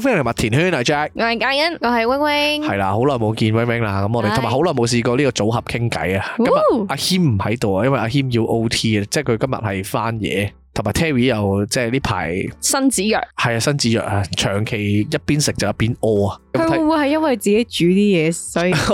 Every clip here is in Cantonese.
歡迎係麥田圈啊，Jack。我係嘉欣，我係 wing wing。係啦，好耐冇見 wing wing 啦。咁我哋同埋好耐冇試過呢個組合傾偈啊。咁啊，阿謙唔喺度啊，因為阿謙要 OT 啊，即係佢今日係返夜。同埋 Terry 又即係呢排身子弱，係啊身子弱啊，長期一邊食就一邊屙啊。佢會唔會係因為自己煮啲嘢，所以？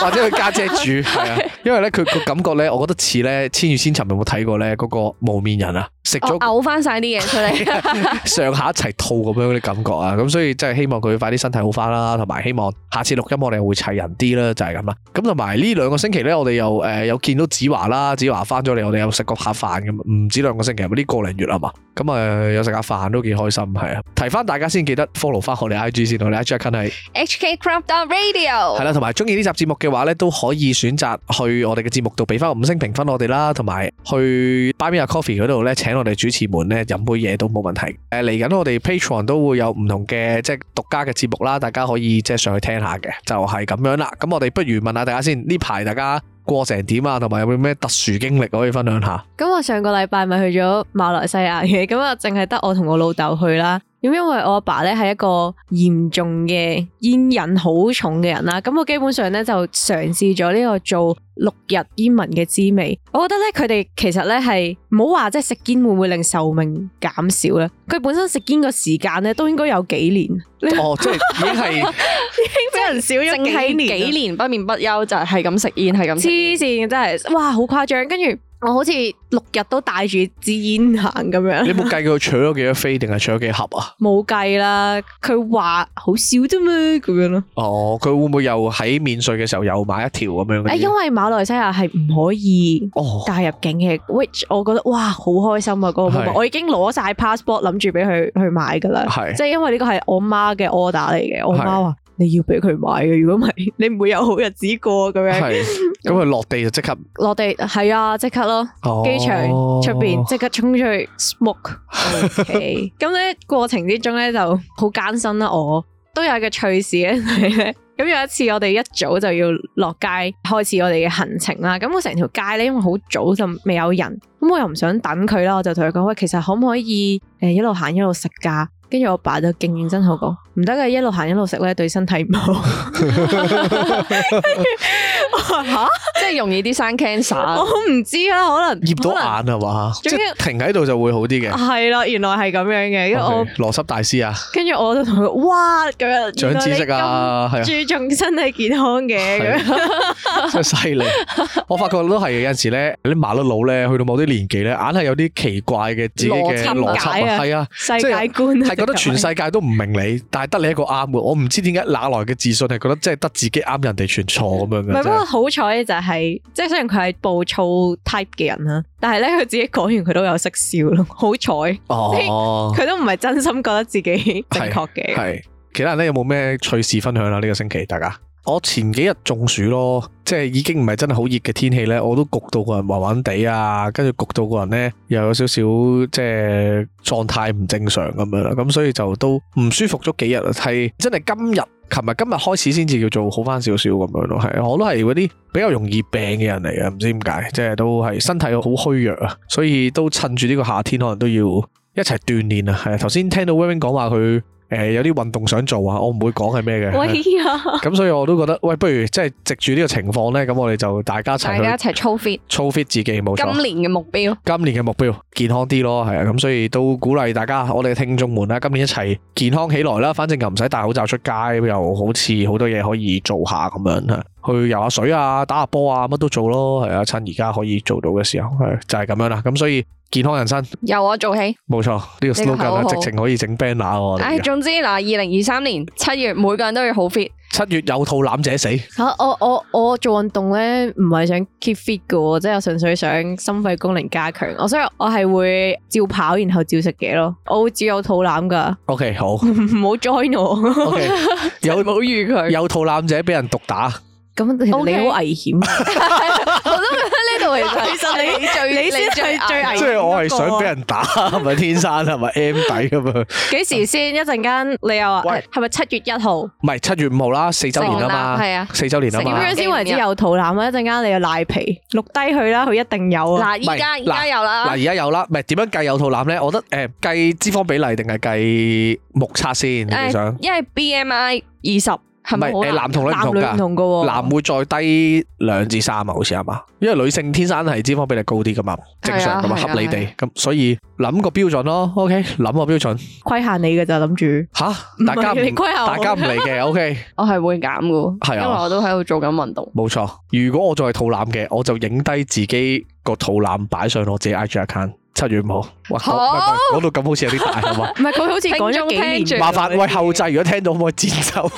或者佢家姐，姐煮，係 啊，因為咧佢個感覺咧，我覺得似咧《千與千尋》，有冇睇過咧？嗰個無面人啊，食咗嘔翻晒啲嘢出嚟，上下一齊吐咁樣啲感覺啊，咁 所以真係希望佢快啲身體好翻啦，同埋希望下次錄音我哋會齊人啲啦，就係咁啦。咁同埋呢兩個星期咧，我哋又誒有見到子華啦，子華翻咗嚟，我哋又食過下飯咁，唔止兩個星期，有啲個零月啊嘛，咁、嗯、啊、呃、有食下飯都幾開心，係啊。提翻大家先，記得 follow 翻我哋 IG 先，我哋 IG 係，HK Crop Radio 係啦，同埋中意呢集節目嘅。話咧都可以選擇去我哋嘅節目度俾翻五星評分我哋啦，同埋去巴米 f 咖 e 嗰度咧請我哋主持們咧飲杯嘢，都冇問題。誒嚟緊我哋 p a t r o n 都會有唔同嘅即係獨家嘅節目啦，大家可以即係上去聽下嘅，就係、是、咁樣啦。咁我哋不如問下大家先，呢排大家過成點啊？同埋有冇咩特殊經歷可以分享下？咁我上個禮拜咪去咗馬來西亞嘅，咁啊，淨係得我同我老豆去啦。因為我阿爸咧係一個嚴重嘅煙癮好重嘅人啦，咁我基本上咧就嘗試咗呢個做六日煙民嘅滋味。我覺得咧佢哋其實咧係唔好話即係食煙會唔會令壽命減少啦。佢本身食煙個時間咧都應該有幾年。哦，即係已經係已經即係少咗淨係幾年不眠不休就係咁食煙係咁。黐線真係，哇好誇張，跟住。我好似六日都帶住支煙行咁樣， 你冇計佢取咗幾多飛定係取咗幾盒啊？冇計啦，佢話好少啫嘛，咁樣咯。哦，佢會唔會又喺免稅嘅時候又買一條咁樣？誒，因為馬來西亞係唔可以帶入境嘅、哦、，which 我覺得哇好開心啊！嗰、嗰個是我已經攞晒 passport 諗住俾佢去買㗎喇，是即係因為呢個係我媽嘅 order 嚟嘅，我媽話。你要俾佢買嘅，如果唔係，你唔會有好日子過咁樣。係，咁佢落地就即刻落地係啊，即刻咯。哦、機場出邊即刻衝出去 smoke。咁 sm 咧 過程之中咧就好艱辛啦。我都有個趣事咧，咁 有一次我哋一早就要落街開始我哋嘅行程啦。咁我成條街咧因為好早就未有人，咁我又唔想等佢啦，我就同佢講：喂，其實可唔可以誒、呃、一路行一路食噶？跟住我爸就勁認真，真好，好講。唔得嘅，一路行一路食咧，對身體唔好。 吓，即係容易啲生 cancer。我唔知啊，可能醃到眼係嘛，即係停喺度就會好啲嘅。係啦，原來係咁樣嘅。我邏輯大師啊，跟住我就同佢哇咁樣，長知識啊，係啊，注重身體健康嘅咁樣，真係犀利。我發覺都係有陣時咧，啲麻甩佬咧，去到某啲年紀咧，硬係有啲奇怪嘅自己嘅邏輯啊，係啊，世界觀係覺得全世界都唔明你，但係得你一個啱嘅。我唔知點解哪來嘅自信，係覺得即係得自己啱，人哋全錯咁樣嘅。不過好彩就係、是，即係雖然佢係暴躁 type 嘅人啦，但係咧佢自己講完佢都有識笑咯。好彩，佢、哦、都唔係真心覺得自己正確嘅、哦。係，其他人咧有冇咩趣事分享啊？呢、這個星期大家。我前幾日中暑咯，即係已經唔係真係好熱嘅天氣咧，我都焗到個人暈暈地啊，跟住焗到個人咧又有少少即係狀態唔正常咁樣啦，咁所以就都唔舒服咗幾日啦，係真係今日、琴日、今日開始先至叫做好翻少少咁樣咯，係我都係嗰啲比較容易病嘅人嚟嘅，唔知點解，即係都係身體好虛弱啊，所以都趁住呢個夏天可能都要一齊鍛煉啊，係頭先聽到 Wing 講話佢。誒、呃，有啲運動想做啊，我唔會講係咩嘅。咁呀所以我都覺得，喂，不如即係藉住呢個情況呢，咁我哋就大家一大家一齊操 fit，操 fit 自己冇錯，今年嘅目標，今年嘅目標健康啲咯，係啊，咁所以都鼓勵大家，我哋嘅聽眾們啦，今年一齊健康起來啦，反正又唔使戴口罩出街，又好似好多嘢可以做下咁樣，去游下水啊，打下波啊，乜都做咯，係啊，趁而家可以做到嘅時候，就係、是、咁樣啦，咁所以。健康人生，由我做起，冇錯，呢、這個 slogan 啊，直情可以整 banner 喎。誒、哎，總之嗱，二零二三年七月，每個人都要好 fit。七月有肚腩者死。吓、啊，我我我做運動咧，唔係想 keep fit 噶，即係純粹想心肺功能加強。所以我我係會照跑，然後照食嘢咯。我會照有肚腩噶。OK，好，唔好 join 我。Okay. 有冇預佢？有肚腩者俾人毒打。咁你好危險，我都喺呢度。其實你最你先係最危險，即係我係想俾人打，係咪天生係咪 M 底咁啊？幾時先？一陣間你又話係咪七月一號？唔係七月五號啦，四週年啊嘛，係啊，四週年啊嘛。點樣先為之有肚腩咧？一陣間你又賴皮，錄低佢啦，佢一定有啊！嗱，依家依家有啦，嗱，依家有啦，唔係點樣計有肚腩咧？我覺得誒，計脂肪比例定係計目測先？你想？因為 BMI 二十。係咪誒男同女？男女唔同噶，男會再低兩至三啊，好似係嘛，因為女性天生係脂肪比例高啲噶嘛，正常噶嘛，合理地咁，所以諗個標準咯。OK，諗個標準，規限你嘅就諗住吓，大家唔大家唔嚟嘅。OK，我係會減噶，係啊，因為我都喺度做緊運動。冇錯，如果我做係肚腩嘅，我就影低自己個肚腩擺上我自己 IG account。七月五冇，哇 oh! 好講到咁好似有啲大好嘛，唔係，佢好似講咗幾年，麻煩煩喂，後製如果聽到可唔可以剪走？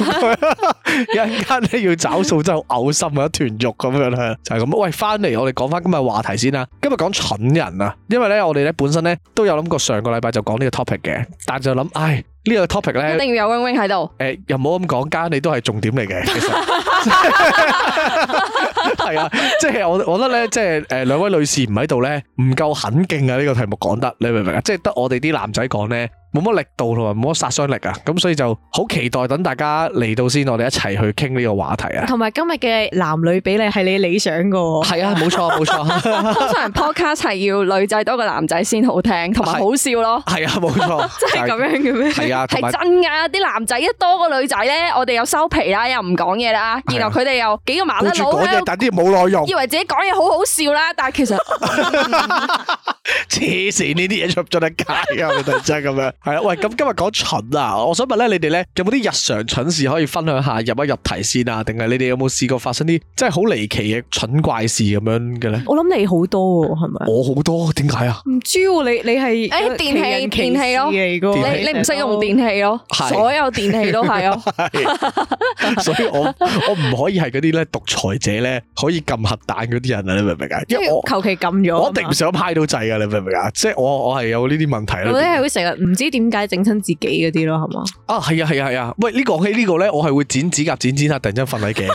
有陣間你要找數 真好嘔心啊，一團肉咁樣咧， 就係咁。喂，翻嚟我哋講翻今日話題先啦，今日講蠢人啊，因為咧我哋咧本身咧都有諗過上個禮拜就講呢個 topic 嘅，但就諗唉。這個呢個 topic 咧，一定要有 Wing Wing 喺度。誒、呃，又唔好咁講㗎，你都係重點嚟嘅。係 啊，即係我，我覺得咧，即係誒、呃，兩位女士唔喺度咧，唔夠狠勁啊！呢、這個題目講得，你明唔明啊？ 即係得我哋啲男仔講咧。冇乜力度同埋冇乜殺傷力啊，咁所以就好期待等大家嚟到先，我哋一齊去傾呢個話題啊。同埋今日嘅男女比例係你理想個？係 啊，冇錯冇錯。 通常 podcast 係要女仔多過男仔先好聽，同埋好笑咯。係啊，冇錯， 真係咁樣嘅咩？係啊，係真噶。啲男仔一多過女仔咧，我哋又收皮啦，又唔講嘢啦。啊、然後佢哋又幾個麻甩佬，但啲冇內容，以為自己講嘢好好笑啦，但係其實。 黐線呢啲嘢出咗得街噶，真係咁樣。係啊， 喂，咁今日講蠢啊，我想問咧，你哋咧有冇啲日常蠢事可以分享下？入一入題先啊，定係你哋有冇試過發生啲真係好離奇嘅蠢怪事咁樣嘅咧？我諗你好多係咪？我好多，點解啊？唔知喎，你你係誒電器電器咯，你唔識用電器咯、啊，啊、是所有電器都係咯、啊。 所以我我唔可以係嗰啲咧獨裁者咧可以撳核彈嗰啲人啊，你明唔明啊？因為我求其撳咗，我一定唔想派到掣啊，你明？即係我我係有呢啲問題啦，我咧係會成日唔知點解整親自己嗰啲咯，係嘛？啊係啊係啊係啊！喂，呢講起呢、這個咧，我係會剪指甲、剪指甲，突然間瞓喺鏡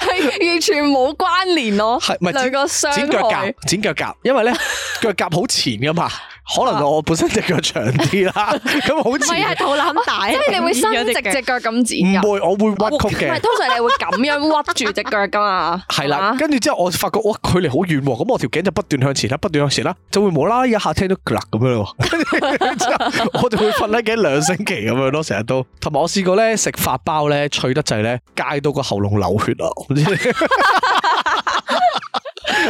係完全冇關聯咯，係咪兩個傷害？剪腳甲，剪腳甲，因為咧腳甲好前噶嘛，可能我本身隻腳長啲啦，咁好似係肚腩大，即係你會伸直隻腳咁剪？唔會，我會屈曲嘅。 唔係，通常你會咁樣屈住隻腳噶嘛？係啦 吧，跟住、啊、之後我發覺哇，距離好遠喎，咁我條腳。就不斷向前啦，不斷向前啦，就會冇啦一下聽到 collapse 咁樣咯，跟住我就會瞓捩頸兩星期咁樣咯，成日都。同埋我試過咧食法包咧脆得滯咧，界到個喉嚨流血啊！我，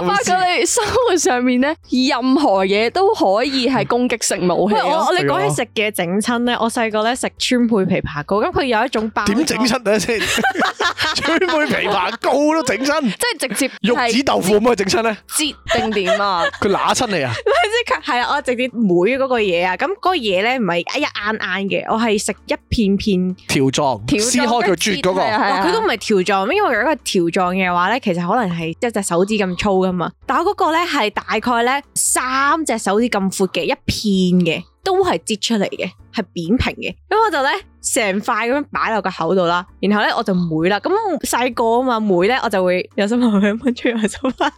我發覺你生活上面咧任何嘢都可以係攻擊性武器。嗯、我我你講起食嘢整親咧，我細個咧食川貝枇杷膏，咁佢有一種點整親啊先？ 川貝枇杷膏都整親，即係直接玉子豆腐可唔可以整親咧？折定點啊？佢乸親你啊？ 即刻係啊！我直接妹嗰個嘢啊，咁、那、嗰個嘢咧唔係一硬硬嘅，我係食一片片條狀撕開咗折嗰個，佢都唔係條狀，因為如果係條狀嘅話咧，其實可能係一隻手指咁粗噶嘛。但我嗰個咧係大概咧三隻手指咁闊嘅一片嘅，都係折出嚟嘅，係扁平嘅。咁我就咧。成塊咁樣擺落個口度啦，然後咧我就唔梅啦，咁我細個啊嘛梅咧，我就會有心話佢搵出嚟做翻。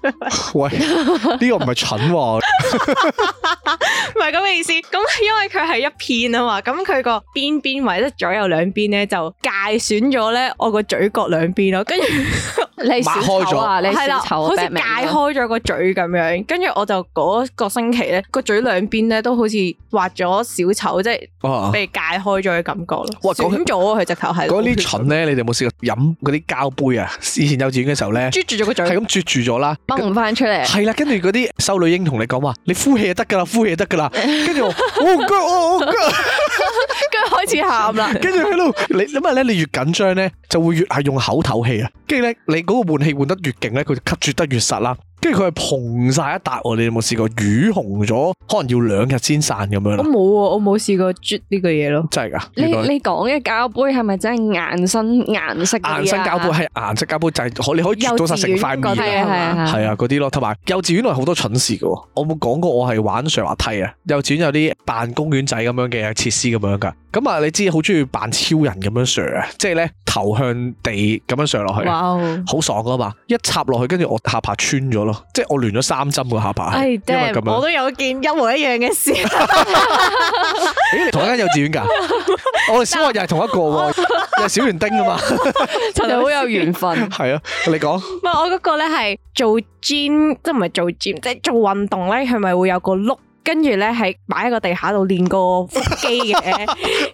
喂，呢 個唔係蠢喎，唔係咁嘅意思。咁因為佢係一片啊嘛，咁佢個邊邊或者左右兩邊咧就界損咗咧我個嘴角兩邊咯，跟住 你小丑啊，你小丑，好似界開咗個嘴咁樣。跟住我就嗰個星期咧個嘴兩邊咧都好似畫咗小丑，即係俾界開咗嘅感覺咯。啊 選咗佢隻頭係嗰啲蠢咧，你哋有冇試過飲嗰啲膠杯啊？以前幼稚園嘅時候咧，啜住咗個嘴，係咁啜住咗啦，掹唔翻出嚟。係啦，跟住嗰啲修女英同你講話，你呼氣就得噶啦，呼氣就得噶啦。跟住我，我唔得，我我唔得，跟住開始喊啦。跟住喺度，你諗下咧，你越緊張咧，就會越係用口唞氣啊。跟住咧，你嗰個換氣換得越勁咧，佢就吸住得越實啦。跟住佢係紅晒一笪喎，你有冇試過瘀紅咗，可能要兩日先散咁樣、啊、咯。我冇，我冇試過啜呢個嘢咯。真係噶？你你講嘅膠杯係咪真係硬身顏色嘅？硬身膠杯係顏色膠杯、就是，就係你可以跌到晒成塊面噶，係吧啊，係啊，嗰啲咯。同埋幼稚園係好多蠢事噶，我冇講過我係玩上滑梯啊。幼稚園有啲扮公園仔咁樣嘅設施咁樣噶。咁啊，你知好中意扮超人咁樣上啊，即係咧頭向地咁樣上落去，好哇、哦、爽啊嘛！一插落去，跟住我下巴穿咗咯，即係我亂咗三針個下巴，哎、因為咁樣，我都有件一模一樣嘅事， 咦？同一間幼稚園噶， 我哋小學又係同一個喎， 又係小圓丁啊嘛， 真係好有緣分。係啊，你講，唔係我嗰個咧係做 gym，即係唔係做 gym，即係做運動咧，係咪會有個碌？跟住咧，係擺喺個地下度練個腹肌嘅，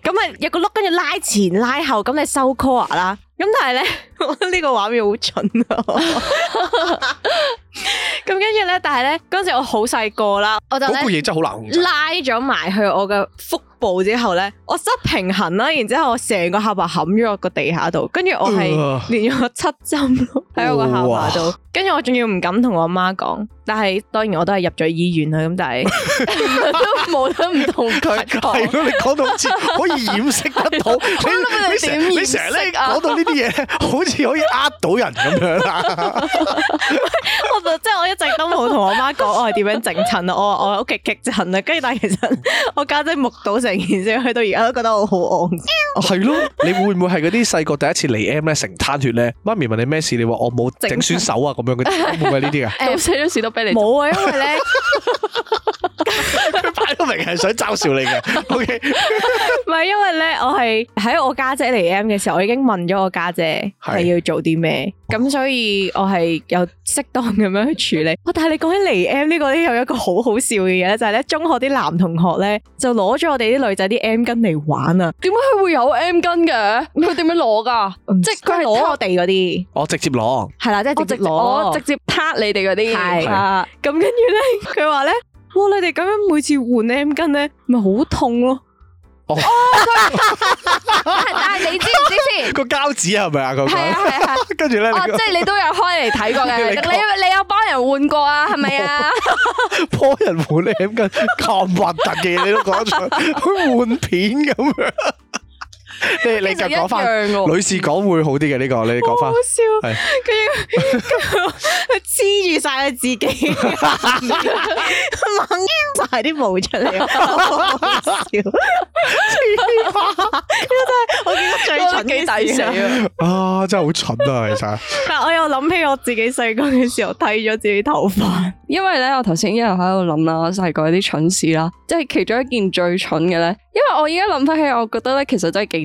咁啊有個轆，跟住拉前拉後，咁你收 core 啦。咁、嗯、但係咧，我覺得呢 個畫面好蠢啊！咁跟住咧，但係咧嗰陣時我好細個啦，我就呢嘢真係好難拉咗埋去我嘅腹。步之後咧，我失平衡啦，然之後我成個下巴冚咗落個地下度，跟住我係連咗七針喺我個下巴度，跟住我仲要唔敢同我媽講，但係當然我都係入咗醫院啦，咁但係 都冇得唔同佢講， 果你講到好似可以掩飾得到， 你成日咧講到呢啲嘢好似可以呃到人咁樣，我就即係我一直都冇同我媽講我係點樣整親啊，我我屋企極親啊，跟住但係其實我家姐目睹。成件事去到而家都覺得我好戇，係 咯、 啊？你會唔會係嗰啲細個第一次嚟 M 咧成攤血咧？媽咪問你咩事，你話我冇整損手啊咁樣嘅，啲，會唔會呢啲啊？M 寫咗事都俾你，冇啊，因為咧。 都明係想嘲笑你嘅，OK？唔係因為咧，我係喺我家姐嚟 M 嘅時候，我已經問咗我家姐係要做啲咩，咁所以我係有適當咁樣去處理。哇！但係你講起嚟 M 呢個咧有一個好好笑嘅嘢咧，就係咧中學啲男同學咧就攞咗我哋啲女仔啲 M 巾嚟玩啊！點解佢會有 M 巾嘅？佢點樣攞噶？即係佢係攞我地嗰啲，我直接攞，係啦，即係我直接撻你哋嗰啲，係咁，跟住咧佢話咧。哇！你哋咁樣每次換 M 巾咧，咪好痛咯，啊！哦， 但係你知唔知先？個膠 紙係咪啊？係係跟住咧，即係你都有開嚟睇過嘅。你 你有幫 人換過啊？係咪沒啊？幫 人換 M 巾？咁核突嘅嘢，你都講得出？好似換片咁樣。你你就講翻，女士講會好啲嘅。呢個你講翻，好笑。佢黐住晒佢自己，猛揪晒啲毛出嚟，好笑，我都係最蠢嘅仔上，啊真係好蠢啊其實，但係我又諗起我自己細個嘅時候剃咗自己頭髮。因為咧我頭先一路喺度諗啦，我細個啲蠢事啦，即係其中一件最蠢嘅，咧因為我而家諗翻起，我覺得咧其實真係幾。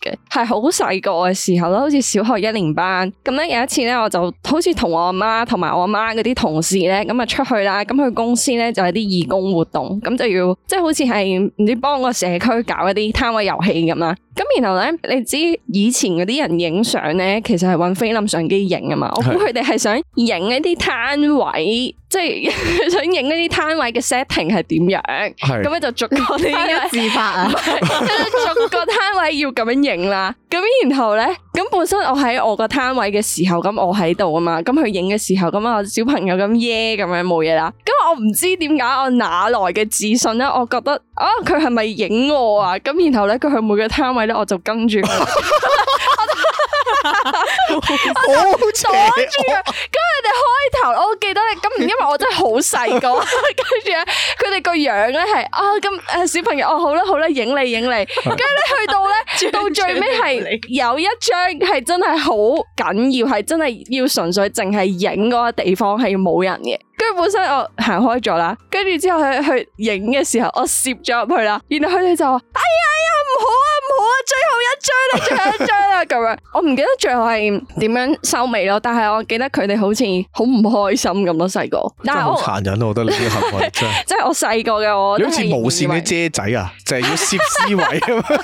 嘅係好細個嘅時候啦，好似小學一年班咁咧，有一次咧，我就好似同我阿媽同埋我阿媽嗰啲同事咧，咁啊出去啦，咁去公司咧就係啲義工活動，咁就要即係、就是、好似係唔知幫個社區搞一啲攤位遊戲咁啦。咁然後咧，你知以前嗰啲人影相咧，其實係用菲林相機影啊嘛。我估佢哋係想影一啲攤位，是即係想影一啲攤位嘅 setting 係點樣，咁咧是就逐個啲自法啊， 逐個攤位要咁樣影啦，咁然後咧，咁本身我喺我個攤位嘅時候，咁我喺度啊嘛，咁佢影嘅時候，咁啊小朋友咁耶咁樣冇嘢啦，咁我唔知點解我哪來嘅自信咧，我覺得啊佢係咪影我啊，咁然後咧佢去每個攤位咧我就跟住佢，我都擋住，咁佢哋開。我記得咧，咁因為我真係好細個，跟住咧佢哋個樣咧係啊，咁誒，小朋友哦，好啦好啦，影你影你，跟住咧去到咧到最尾係有一張係真係好緊要，係真係要純粹淨係影嗰個地方係冇人嘅。跟住本身我行開咗啦，跟住之後佢去影嘅時候，我攝咗入去啦。然後佢哋就話：哎呀哎呀，唔好啊唔好啊，最後一張啦最後一張啦咁樣。我唔記得最後係點樣收尾咯，但係我記得佢哋好似好唔好。開心咁咯，細個真係好殘忍咯，我，我覺得你呢個行為真係， 即係我細個嘅我，好似無線嘅遮仔啊， 就係要攝思維啊，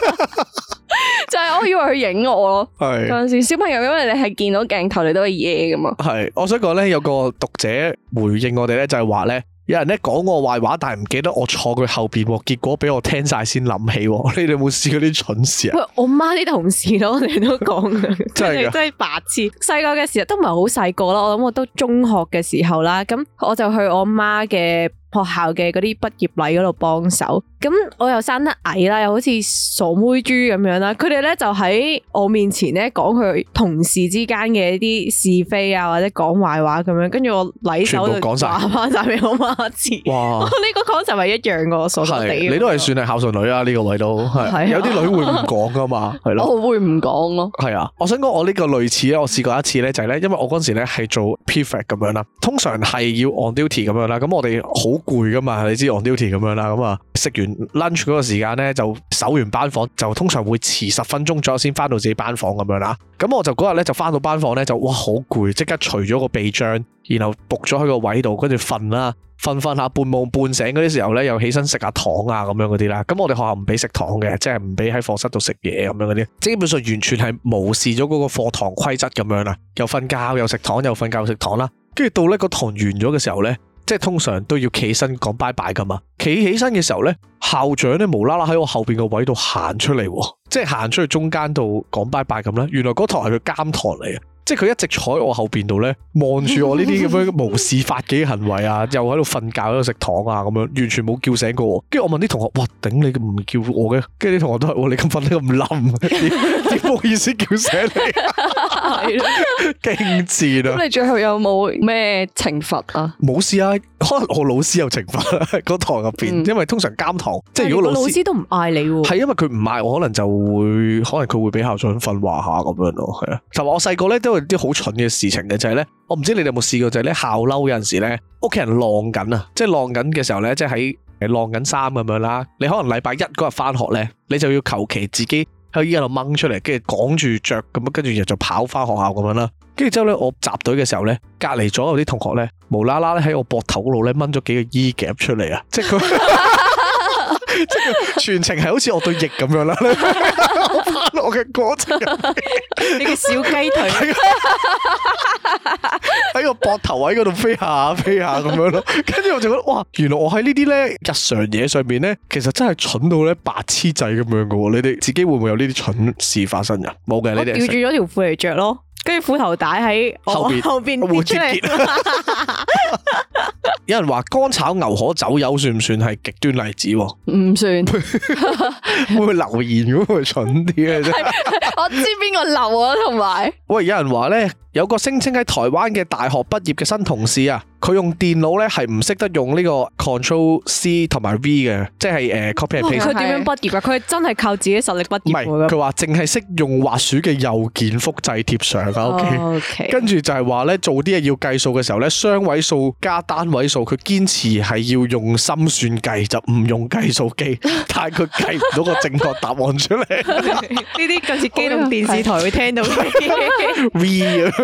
就係我以為佢影我咯，嗰陣是時小朋友，因為你係見到鏡頭你都係嘢噶嘛，係。我想講咧，有個讀者回應我哋咧就係話咧。有人咧，講我壞話，但係唔記得我坐佢後邊，結果俾我聽晒先諗起。你哋有冇試過啲蠢事啊？喂，我媽啲同事咯，我哋都講， 真係 真係白痴。細個嘅時候都唔係好細個啦，我諗我都中學嘅時候啦，咁我就去我媽嘅。學校嘅嗰啲畢業禮嗰度幫手，咁我又生得矮啦，又好似傻妹豬咁樣啦。佢哋咧就喺我面前咧講佢同事之間嘅一啲是非啊，或者講壞話咁樣，跟住我禮手講晒翻晒俾我媽知。哇！呢 個講就係一樣噶，傻地。你都係算係孝順女啊？呢、這個位都係 有啲女會唔講噶嘛，係咯 了。 我會唔講咯。係啊，我想講我呢個類似咧，我試過一次咧，就係咧，因為我嗰時咧係做 prefect 咁樣啦，通常係要 on duty 咁樣啦，咁我哋好。攰噶嘛，你知 on duty 咁樣啦，咁啊食完 lunch 嗰個時間呢，就守完班房，就通常會遲十分鐘左右先翻到自己班房咁樣啦。咁、嗯、我就嗰日呢，就翻到班房呢，就哇好攰，即刻除咗個鼻杖，然後伏咗喺個位度，跟住瞓啦，瞓瞓下半夢半醒嗰啲時候呢，又起身食下糖啊咁樣嗰啲啦。咁、嗯、我哋學校唔俾食糖嘅，即係唔俾喺課室度食嘢咁樣嗰啲，基本上完全係無視咗嗰個課堂規則咁樣啦，又瞓覺又食糖又瞓覺食糖啦，跟住到呢個堂完咗嘅時候呢。即通常都要企起身講拜拜噶嘛，企起身嘅時候呢，校長咧無啦啦喺我後面個位度行出嚟喎，即係行出去中間度講拜拜咁啦。原來嗰堂係佢監堂嚟。即係佢一直坐喺我後邊度咧，望住我呢啲咁樣無視法紀嘅行為啊， 又喺度瞓覺喺度食糖啊，咁樣完全冇叫醒過我。跟住我問啲同學，哇，頂你唔叫我嘅？跟住啲同學都係，你咁瞓得咁冧，點好意思叫醒你？係咯、啊，勁至啦！咁你最後有冇咩懲罰啊？冇事啊，可能我老師有懲罰嗰堂入邊，嗯、因為通常監堂，即係如果老師都唔嗌你，係因為佢唔嗌我，可能就會可能佢會俾校長訓話下咁樣咯。係啊，就話我細個咧都。啲好蠢嘅事情嘅就係、是、咧，我唔知你哋有冇試過就係、是、咧校褸有陣時咧，屋企人晾緊啊，即係晾緊嘅時候咧，即係喺誒晾緊衫咁樣啦。你可能禮拜一嗰日翻學咧，你就要求其自己喺衣架度掹出嚟，跟住趕住着咁樣，跟住然後就就跑翻學校咁樣啦。跟住之後咧，我集隊嘅時候咧，隔籬左右啲同學咧，無啦啦咧喺我膊頭度咧掹咗幾個衣夾出嚟啊！即係佢。 即係全程係好似我對翼咁樣啦，我 嘅過程，你叫小雞腿喺個膊頭位嗰度飛下飛下咁樣咯，跟住我就覺得哇，原來我喺呢啲咧日常嘢上面咧，其實真係蠢到咧白痴仔咁樣噶喎！你哋自己會唔會有呢啲蠢事發生啊？冇嘅，你哋吊住咗條褲嚟着咯，跟住褲頭帶喺後後邊面出嚟。 有人話乾炒牛河走油算唔算係極端例子啊？唔不算， 會，會留言咁咪蠢啲嘅啫。我知邊個流啊，同埋喂，有人話咧。有個聲稱喺台灣嘅大學畢業嘅新同事啊，佢用電腦咧係唔識得用呢個 Control C 同埋 V 嘅，即係誒、uh, copy and paste。佢點樣畢業啊？佢真係靠自己實力畢業？唔係，佢話淨係識用滑鼠嘅右鍵複製貼上啊。Okay? OK，Okay. 跟住就係話咧，做啲嘢要計數嘅時候咧，雙位數加單位數，佢堅持係要用心算計，就唔用計數機，但係佢計唔到個正確答案出嚟。呢啲好似機動電視台會聽到 V 啊！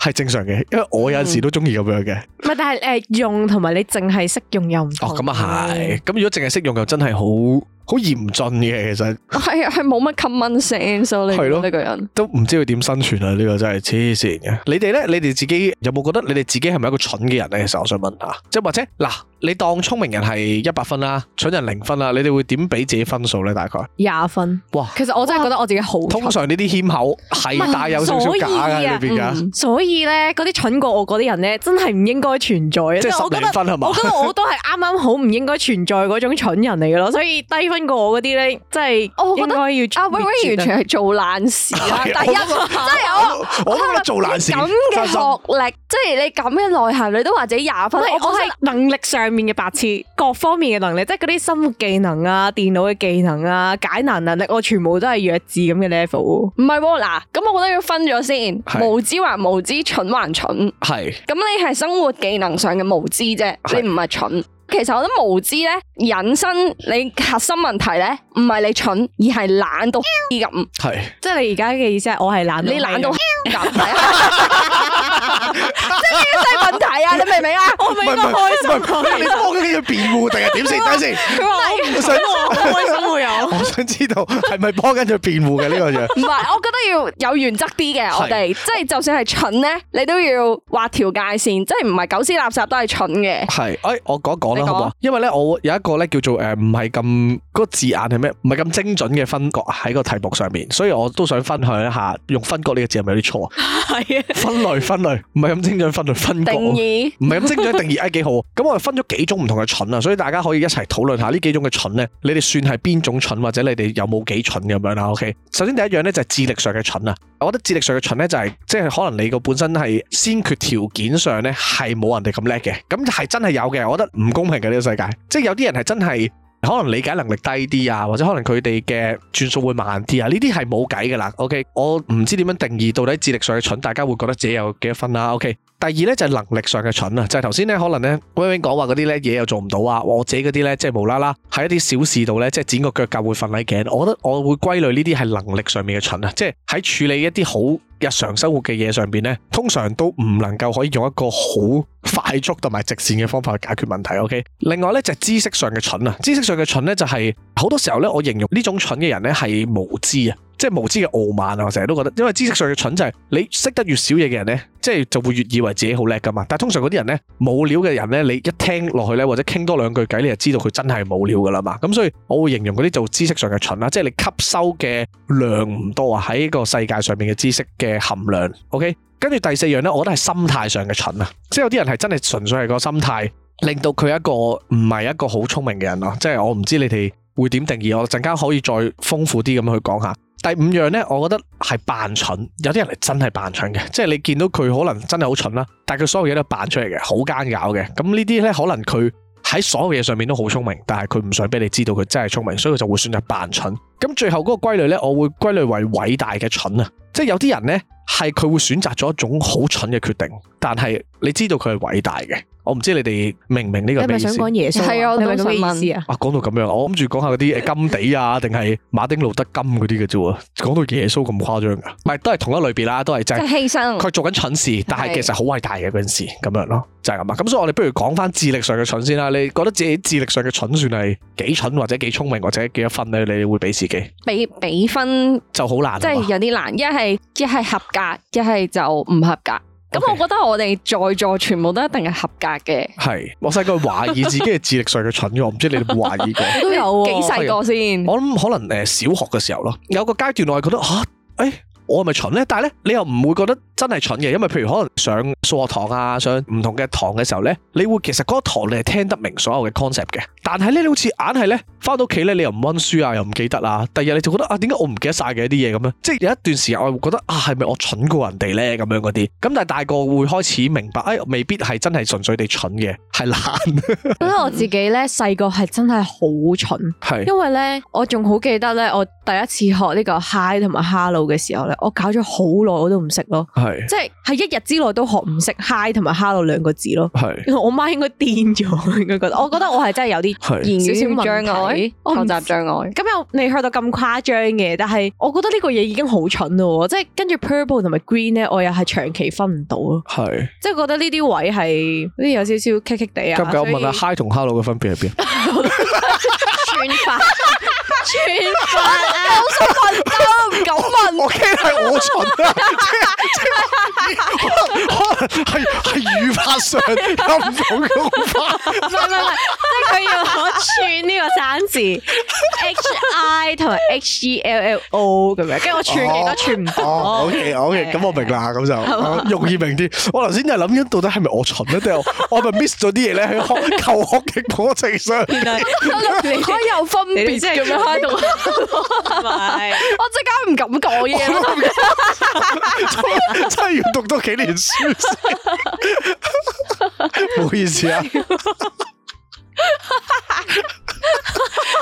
係正常嘅，因為我有陣時都中意咁樣嘅。唔係，但係誒用同埋你淨係識用又唔同。哦，咁啊係，咁如果淨係識用又真係好好嚴峻嘅，其實係啊，係冇乜 common sense 咯。係咯，呢個人都唔知佢點生存啊！呢個真係黐線嘅。你哋咧，你哋自己有冇覺得你哋自己係咪一個蠢嘅人咧？其實我想問下，即係或者嗱，你當聰明人係一百分啦，蠢人零分啦，你哋會點俾自己分數咧？大概廿分。哇，其實我真係覺得我自己好蠢。通常呢啲謙口係帶有少少假嘅，裏邊嘅。所以所以咧，嗰啲蠢過我嗰啲人咧，真係唔應該存在。即係十點分我覺得我都係啱啱好唔應該存在嗰種蠢人嚟嘅咯。所以低分過我嗰啲咧，即係我覺得要、啊、完全係做爛事啦、啊。第的一真係我，都、啊、我，我，我覺得做爛事咁嘅學歷，信即係你咁嘅內涵，你都或者廿分。我係能力上面嘅白痴，各方面嘅能力，即係嗰啲生活技能啊、電腦嘅技能啊、解難能力，我全部都係弱智咁嘅 level。唔係嗱，咁、啊、我覺得要分咗先，的無知還無知。蠢還蠢，係咁是你係生活技能上嘅無知啫，是你唔係蠢。其實我覺得無知咧，引申你核心問題咧，唔係你蠢，而係懶到咁。係樣，是即係你而家嘅意思係我係懶樣。你懶到咁。即係呢啲問題啊！你明唔明啊？我明唔開心，你幫緊佢辯護定係點先？等下先，佢話我唔想開心會有。我想知道係咪幫緊佢辯護嘅呢個嘢？唔係，我覺得要有原則啲嘅。我哋即係就算係蠢咧，你都要劃條界線，即係唔係狗屎垃圾都係蠢嘅。係，誒，我講一講啦，好唔好？因為咧，我有一個咧叫做誒，唔係咁嗰個字眼係咩？唔係咁精準嘅分割喺個題目上面，所以我都想分享一下，用分割呢個字係咪有啲錯啊？係啊，分類分。分類唔係咁精準分，分工，唔係咁精準定義，哎幾好。咁我哋分咗幾種唔同嘅蠢啊，所以大家可以一齊討論下呢幾種嘅蠢呢。你哋算係邊種蠢，或者你哋有冇幾蠢咁樣啦？OK，首先第一樣呢，就係智力上嘅蠢啊。我覺得智力上嘅蠢呢，就係、是，即係可能你個本身係先決條件上呢，係冇人哋咁叻嘅。咁係真係有嘅。我覺得唔公平嘅呢個世界，即係有啲人係真係。可能理解能力低啲啊，或者可能佢哋嘅轉數會慢啲啊，呢啲係冇計㗎喇。OK，我唔知點樣定義到底智力上嘅蠢，大家會覺得自己有幾多分啦、啊。OK，第二呢就係、是、能力上嘅蠢啊，就係頭先呢，可能呢，Wing 講話嗰啲呢嘢又做唔到啊，或者嗰啲呢即係無啦啦喺一啲小事度呢，即係剪個腳甲會瞓喺頸，我覺得我會歸類呢啲係能力上面嘅蠢啊，即係喺處理一啲好日常生活嘅嘢上邊呢，通常都唔能夠可以用一個好快速同埋直線嘅方法去解決問題，OK？另外呢，就係知識上嘅蠢啊，知識上嘅蠢呢，就係好多時候呢，我形容呢種蠢嘅人呢係無知啊，即係無知嘅傲慢啊，我成日都覺得，因為知識上嘅蠢就係你識得越少嘢嘅人呢，即係就會越以為自己好叻噶嘛。但係通常嗰啲人呢，冇料嘅人呢，你一聽落去呢，或者傾多兩句偈，你就知道佢真係冇料噶啦嘛。咁所以我會形容嗰啲做知識上嘅蠢啦，即係你吸收嘅量唔多啊，喺個世界上面嘅知識嘅含量，OK？跟住第四樣呢，我覺得係心態上嘅蠢啊，即係有啲人係真係純粹係個心態，令到佢一個唔係一個好聰明嘅人咯。即係我唔知你哋會點定義，我陣間可以再豐富啲咁去講下。第五樣呢，我覺得係扮蠢，有啲人係真係扮蠢嘅，即係你見到佢可能真係好蠢啦，但係佢所有嘢都扮出嚟嘅，好奸狡嘅。咁呢啲呢，可能佢喺所有嘢上面都好聰明，但係佢唔想俾你知道佢真係聰明，所以佢就會選擇扮蠢。咁最後嗰個歸類呢，我會歸類為偉大嘅蠢啊。即係有啲人咧，係佢會選擇咗一種好蠢嘅決定，但係你知道佢係偉大嘅。我唔知你哋明唔明呢個意思？你係咪想講耶穌啊？你咪咁問啊？講、啊、到咁樣，我諗住講下嗰啲金地啊，定係 馬丁路德金嗰啲嘅啫。講到耶穌咁誇張噶，唔係都係同一類別啦，都係即係犧牲。佢做緊蠢事，但係其實好偉大嘅嗰件事咁樣咯，就係咁啊。咁所以我哋不如講翻智力上嘅蠢先啦。你覺得自己智力上嘅蠢算係幾蠢或者幾聰明或者幾多分咧？你會俾自己？俾比，比分就好難，即係有啲難。係一係合格，一係就唔合格。咁 Okay. 我覺得我哋在座全部都一定係合格嘅。係我細個懷疑自己嘅智力上嘅蠢嘅，我唔知你哋有冇懷疑過？都有幾細個先？我諗可能誒，小學嘅時候咯，有個階段我係覺得吓，誒，我係咪蠢咧？但係咧，你又唔會覺得？真係蠢嘅，因為譬如可能上數學堂啊，上唔同嘅堂嘅時候呢，你會其實嗰個堂你係聽得明所有嘅 concept 嘅，但係呢，你好似硬係呢返到屋企呢，你又唔溫書啊，又唔記得啦，第二日你就覺得啊，點解我唔記得晒嘅一啲嘢咁樣？即係有一段時間我會覺得啊，係咪我蠢過人哋呢咁樣嗰啲？咁但係大個會開始明白，誒、哎、未必係真係純粹地蠢嘅，係懶。覺得我自己呢，細個係真係好蠢，係是因為呢，我仲好記得呢，我第一次學呢個 hi 同埋 hello 嘅時候呢，我搞咗好耐我都唔識咯。即係喺一日之內都學唔識 hi 同埋 hello 兩個字咯，是我媽應該癲咗，佢覺得，我覺得我係真係有啲是少少障礙，學習障礙。咁又未去到咁誇張嘅，但係我覺得呢個嘢已經好蠢咯，即係跟住 purple 同埋 green 咧，我又係長期分唔到咯，是即係覺得呢啲位係有少少棘棘地啊。咁嗎以我問下 hi 同 hello 嘅分別喺邊？穿白。串法啊！我好想問，我唔敢問。我驚係我蠢啊！即係即係，可能係係語法上諗唔到咁快。唔係唔係，即係佢要我串呢個生字 H I 同埋 H G L L O，咁樣。跟住我串應該，串唔到。O K O K，咁我明啦，咁就容易明啲。我頭先就係諗緊，到底係咪我蠢咧，定係我咪 miss 咗啲嘢咧？喺求學嘅過程中，你可有分別即係咁樣？同 我即刻唔敢講嘢，真係要讀多幾年書唔 好意思啊。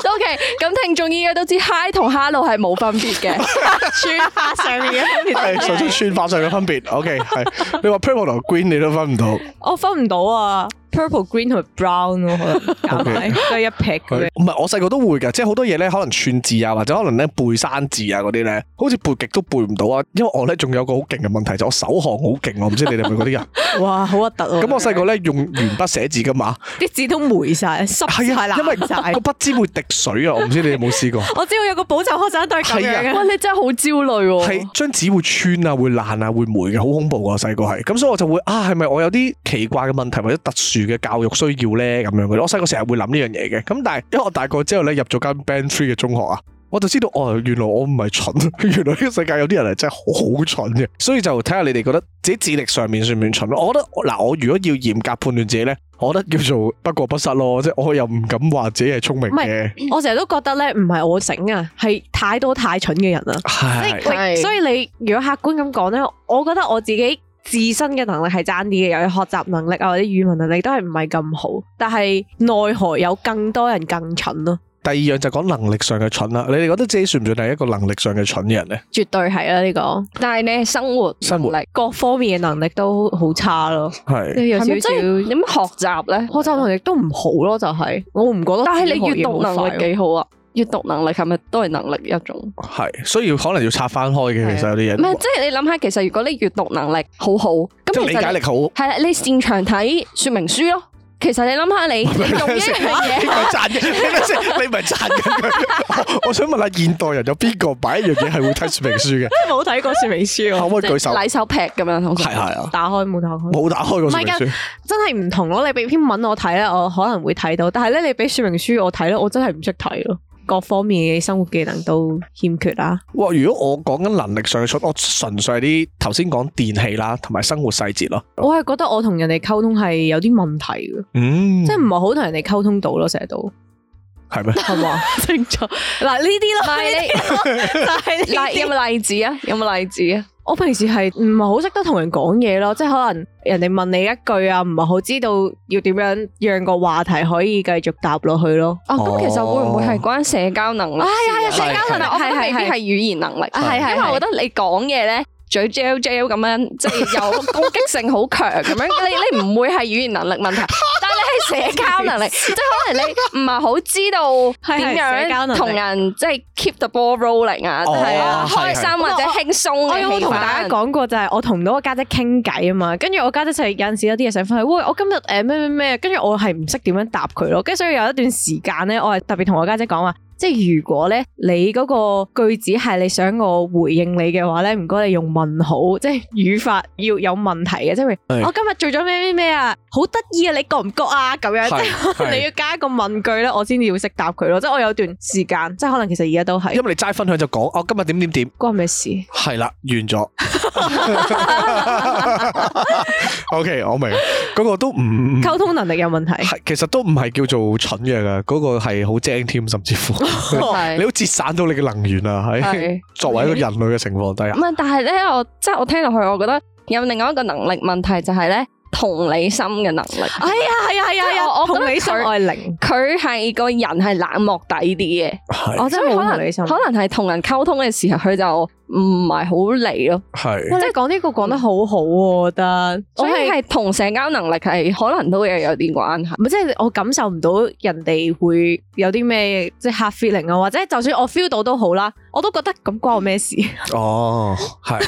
O K，咁聽眾應該都知 Hi 同 Hello 係冇分別嘅，串法上面嘅分別係， 純粹串法上嘅分別。O K，係你話 Purple 同 Green 你都分唔到，我分唔到啊。purple green、 green 同 brown 咯，可能搞，得一撇佢。唔係，我細個都會噶，即係好多嘢咧，可能串字啊，或者可能咧背生字啊嗰啲咧，好似背極都背唔到啊。因為我咧仲有個好勁嘅問題，就是，我手行好勁， 我唔知你哋係咪嗰啲人。哇，好核突咯！咁我細個咧用鉛筆寫字噶嘛，啲字都霉晒，係啊呀，因為個筆尖會滴水啊， 我唔知你哋有冇試過。 我知道有個補習學生都係咁樣，哇，你真係好焦慮。啊。係張紙會穿啊，會爛啊，會霉嘅，好恐怖啊！細個係，咁所以我就會啊，係咪我有啲奇怪嘅問題或者特殊？嘅教育需要咧咁樣嘅，我細個成日會諗呢樣嘢嘅。咁但係，因為我大個之後咧入咗間 Band 3嘅中學啊，我就知道哦，原來我唔係蠢，原來呢個世界有啲人係真係好蠢嘅。所以就睇下你哋覺得自己智力上面算唔算蠢咯？我覺得嗱、呃，我如果要嚴格判斷自己咧，我覺得叫做不過不失咯，即係我又唔敢話自己係聰明嘅。我成日都覺得咧，唔係我醒啊，係太多太蠢嘅人啊。係，所以你如果客觀咁講咧，我覺得我自己。自身嘅能力係差啲嘅，又有學習能力啊，或者語文能力都係唔係咁好。但係奈何有更多人更蠢咯、啊。第二樣就講能力上嘅蠢啦，你哋覺得自己算唔算係一個能力上嘅蠢人咧？絕對係啊，呢、這個，但係你係生，生活、生活力各方面嘅能力都好差咯。係是有少少點，點、就是、學習咧，是學習能力都唔好咯，就係、是、我唔覺得但是。但係你閱讀能力幾好啊？閱讀能力係咪都係能力一種？係，所以可能要拆翻開嘅，其實有啲嘢。唔係，即係你諗下，其實如果你閱讀能力好好，即係理解力好，係啦，你擅長睇說明書咯。其實你諗下，你用一樣嘢賺嘅，你唔係賺嘅。我想問下，現代人有邊個買一樣嘢係會睇說明書嘅？冇睇過說明書，可唔可以舉手？禮手劈咁樣，係係啊，打開冇打開，冇打開過說明書，真係唔同咯。你俾篇文我睇咧，我可能會睇到，但係咧你俾說明書我睇咧，我真係唔識睇咯。各方面嘅生活技能都欠缺啦。哇！如果我講緊能力上嘅出，我純粹係啲頭先講電器啦，同埋生活細節咯。我係覺得我同人哋溝通係有啲問題嘅，嗯，即係唔係好同人哋溝通到咯，成日都係咩？係嘛嗎？清楚 啦？嗱 啦，呢啲咯，係你 啦，係你 有冇例子啊？有冇例子啊？我平時係唔係好識得同人講嘢咯？即係可能人哋問你一句啊，唔係好知道要點樣讓個話題可以繼續答落去咯。哦，咁其實會唔會係關社交能力？係啊，係啊，社交能力，我覺得未必係語言能力。係，因為我覺得你講嘢咧，嘴 gel gel 咁樣，即係有攻擊性好強咁樣。你你唔會係語言能力問題？即係社交能力，即係 可能你唔係好知道點樣同人即係 keep the ball rolling 啊，係啊，開心或者輕鬆，哦嗯。我有冇同大家講過就係我同到我家姐傾偈啊嘛，跟住我家姐就係有陣時有啲嘢想分享，喂，我今日誒咩咩咩，跟、呃、住、啊、我係唔識點樣答佢咯，跟住所以有一段時間咧，我係特別同我家姐講話，即係如果咧你嗰個句子係你想我回應你嘅話咧，唔該你用問號，即係語法要有問題嘅，即係是的 我今日做咗咩咩咩啊，好得意啊，你覺唔覺？啊，咁樣即係你要加一個問句咧，我先至會識答佢咯是。即係我有段時間，即係可能其實而家都係。因為你齋分享就講，哦，今日點點點，關咩事？係啦，完咗。 o、okay, K，我明。嗰、那個都唔溝通能力有問題，係其實都唔係叫做蠢嘅噶，嗰、那個係好精添，甚至乎 是 你好節省到你嘅能源啊，係是。 作為一個人類嘅情況底下，唔係的，但係咧，我即係我，我聽落去，我覺得有另外一個能力問題就係、是、咧。同理心嘅能力哎，哎呀，係啊，係啊，我同理心為零，佢係個人係冷漠底啲嘅，的我真係冇同理心，可能係同人溝通嘅時候佢就。唔係好嚟，咯，即係講呢個講得好好，我覺得，所以係同社交能力係可能都有啲關係。唔，即係我感受唔到人哋會有啲咩即係 hard feeling 啊，或者就算我 feel 到都好啦，我都覺得咁關我咩事？哦，係，